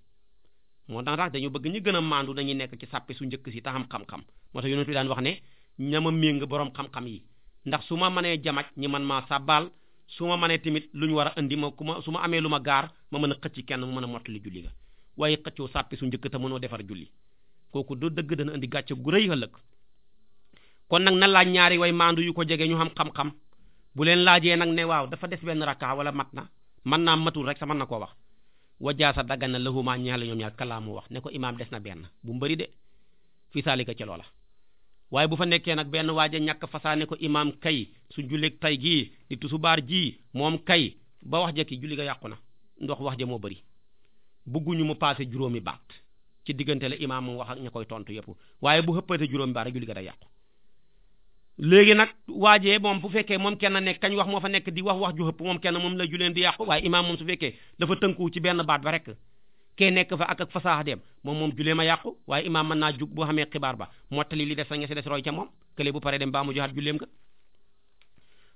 moo tax dañu bëgg ñu gën a maandu dañuy nekk ci sàppe su njëkk si taxam xam-xam moo tax yonent bi daan wax ne ñama méng boroom xam-xam yi ndax su ma mënee jamaj ñi man maa sàbbaal su ma manee tamit lu ñu war a indi ma ku ma su ma amee lu ma gaar ma mën a xëcc kenn mu mën a mottali julli ga waaye xëccoo sàppi su njëkk te mënoo defar julli kooku du dëgg dana indi gàcce gu rëy ëllëg kon nag na laaj ñaari way maandu yu ko jege ñu xam xam bu leen laajee nag ne waaw dafa des benn rakka wala mat na man naa matul rek sa mën na koo wax wajaasa daggan na lahumaa ñaala ñoom ñaar kalaamu wax ne ko imaam des na benn bu mbëri de fi saalika ca la waaye bu fa nekkee nag benn waaja ñàkk fasaane ko imaam kay su julleeg tay gii di tusubaar ji moom kay ba wax ja ki julli ga yàqu na ndox wax ja moo bëri bugguñu mu passé juróomi baat ci diggante la imaam mu wax ak ña koy tontu yëpp waaye bu xëppatee juróomi baat rek julli ga yàqu léegi nag waajee moom bu fekkee moom kenn nekk kañ wax moo fa nekk di wax wax ju xëpp moom kenn moom la juleen di yàqu waaye imaam moom su fekkee dafa tënku ci benn baat ba rek kee nekk fa ak ak fasaax dem moom moom julee a yàqu waaye imaam mën naa jug boo xamee xibaar ba mottali li des a nge si des roy ca moom kële bu pare dem ba mu joxaat julleem ka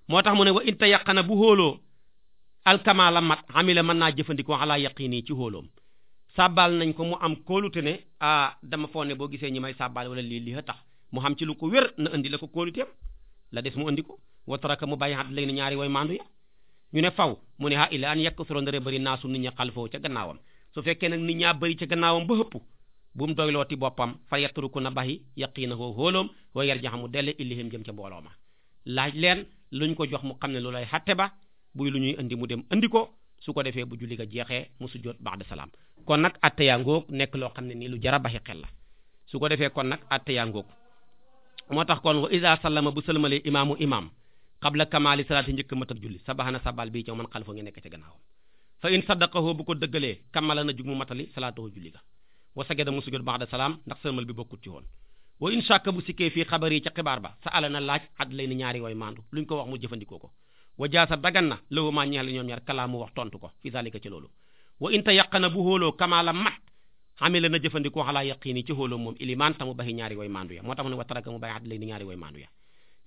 moo tax mu ne wa inta na bu xóoloo alkamaala mat xamila mën naa jëfandikoo xalaa yaqini ci xóoloom sàbbaal nañ ko mu am kóolute ne ah dama foo ne boo gisee ñi may sàbbaal wala lii lii a tax mu xam ci lu ko wér na indi la ko kóoluteem la des mu indi ko wataraka mu bàyyi xat léegi ñaari way maandu ya ñu ne faw mu ne ha illa an yekk soro ndëre bëri naasu nit ña xalfoo ca gannaawam su fekkee nag nit ñaa bëri ci gannaawam ba xëpp bu mu doylooti boppam fa yetturuku na baxi yaqiinahoo hóoloom wa yarjaxamu delle illihim jëm ca mbooloo ma laaj leen luñ ko jox mu xam ne lu lay xatte ba buy lu ñuy indi mu dem indi ko su ko defee bu julli ga jeexee mu sujjóot ba'da salaam kon nag atteya ngoog nekk loo xam ne nii lu jara baxi xel la su ko defee kon nag atteya ngoog moo tax kon wa iza sallama bu sëlmalee imaamu imaam qabla kamaali salaati njëkk matab julli sabaxana sabal fa in saddaqahu bu ko dëggalee kammala na jug mu matali salaatahu julli ga wa sajada mu sujud ba'da salaam ndax sëlmal bi bokkut ci woon wa in shakka bu sikkee fii xabar yi ca xibaar ba sa ala na laaj ad lay ni ñaari way maandu luñ ko wax mu jëfandikoo ko wa jaasa dagan na lahu maa ñeexle ñoom ñaar kalaamu wax tontu ko fi zalika ci loolu wa in tayaqana bu xóoloo kamaala mat amila na jëfandikoo xalaa yaqiini ci xóoloo moom ilimaan tamu baxi ñaari way maandu ya moo tax mu ne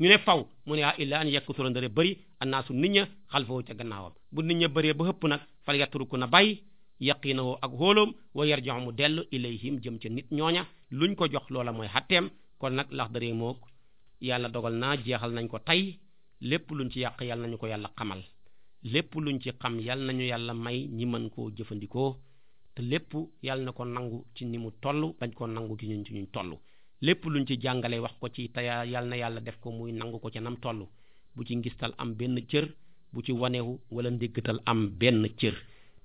ñu ne faw mu ne ah illa an yakthura ndare bëri annaasu nit ña xalfahu ca gannaawam bu nit ña baree ba xëpp nag fal yatruku na bàyyi yaqinahu ak xóoloom wa yarji'u mu dellu ilayhim jëm ca nit ñooña luñ ko jox loola mooy xatteem kon nag lax Laxdari mook yàlla dogal naa jeexal nañ ko tey lépp luñ ci yàq yàlla nañu ko yàlla xamal lépp luñ ci xam yàlla nañu yàlla may ñi mën koo jëfandikoo te lépp yàlla na ko nangu ci ni mu toll bañ ko nangu gi ñun ci ñu toll lépp lu ñu ci jàngale wax ko ci te yàlla na yàlla def ko muy nangu ko ca nam toll bu ci ngistal am benn cër bu ci wanewu wala ndéggatal am benn cër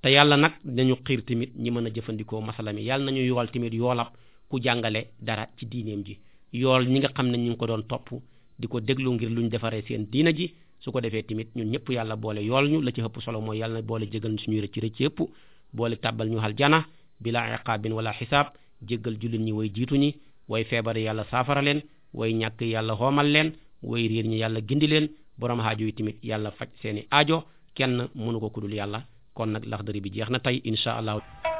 te yàlla nag dañu xiir tamit ñi mën a jëfandikoo masala mi yàlla nañu yool tamit yoolab ku jàngale dara ci diineem ji yool ñi nga xam ne ñu ngi ko doon topp di ko déglu ngir lu ñu defaree seen diina ji su ko defee tamit ñun ñëpp yàlla boole yool ñu la ci ëpp solo mooy yàlla na boole jégal ñu suñuy rek ci yëpp boole tàbbal ñu aljana bila iqaabin wala xisaab jéggal ñi way jiitu ñi way feebar yàlla saafara leen way ñàkk yàlla xoomal leen way réer ñi yàlla gindi leen borom aajo yi tamit yàlla faj seeni aajo kenn mënu ko kudul yàlla kon nag Laxdari bi jeex na tey incha allah.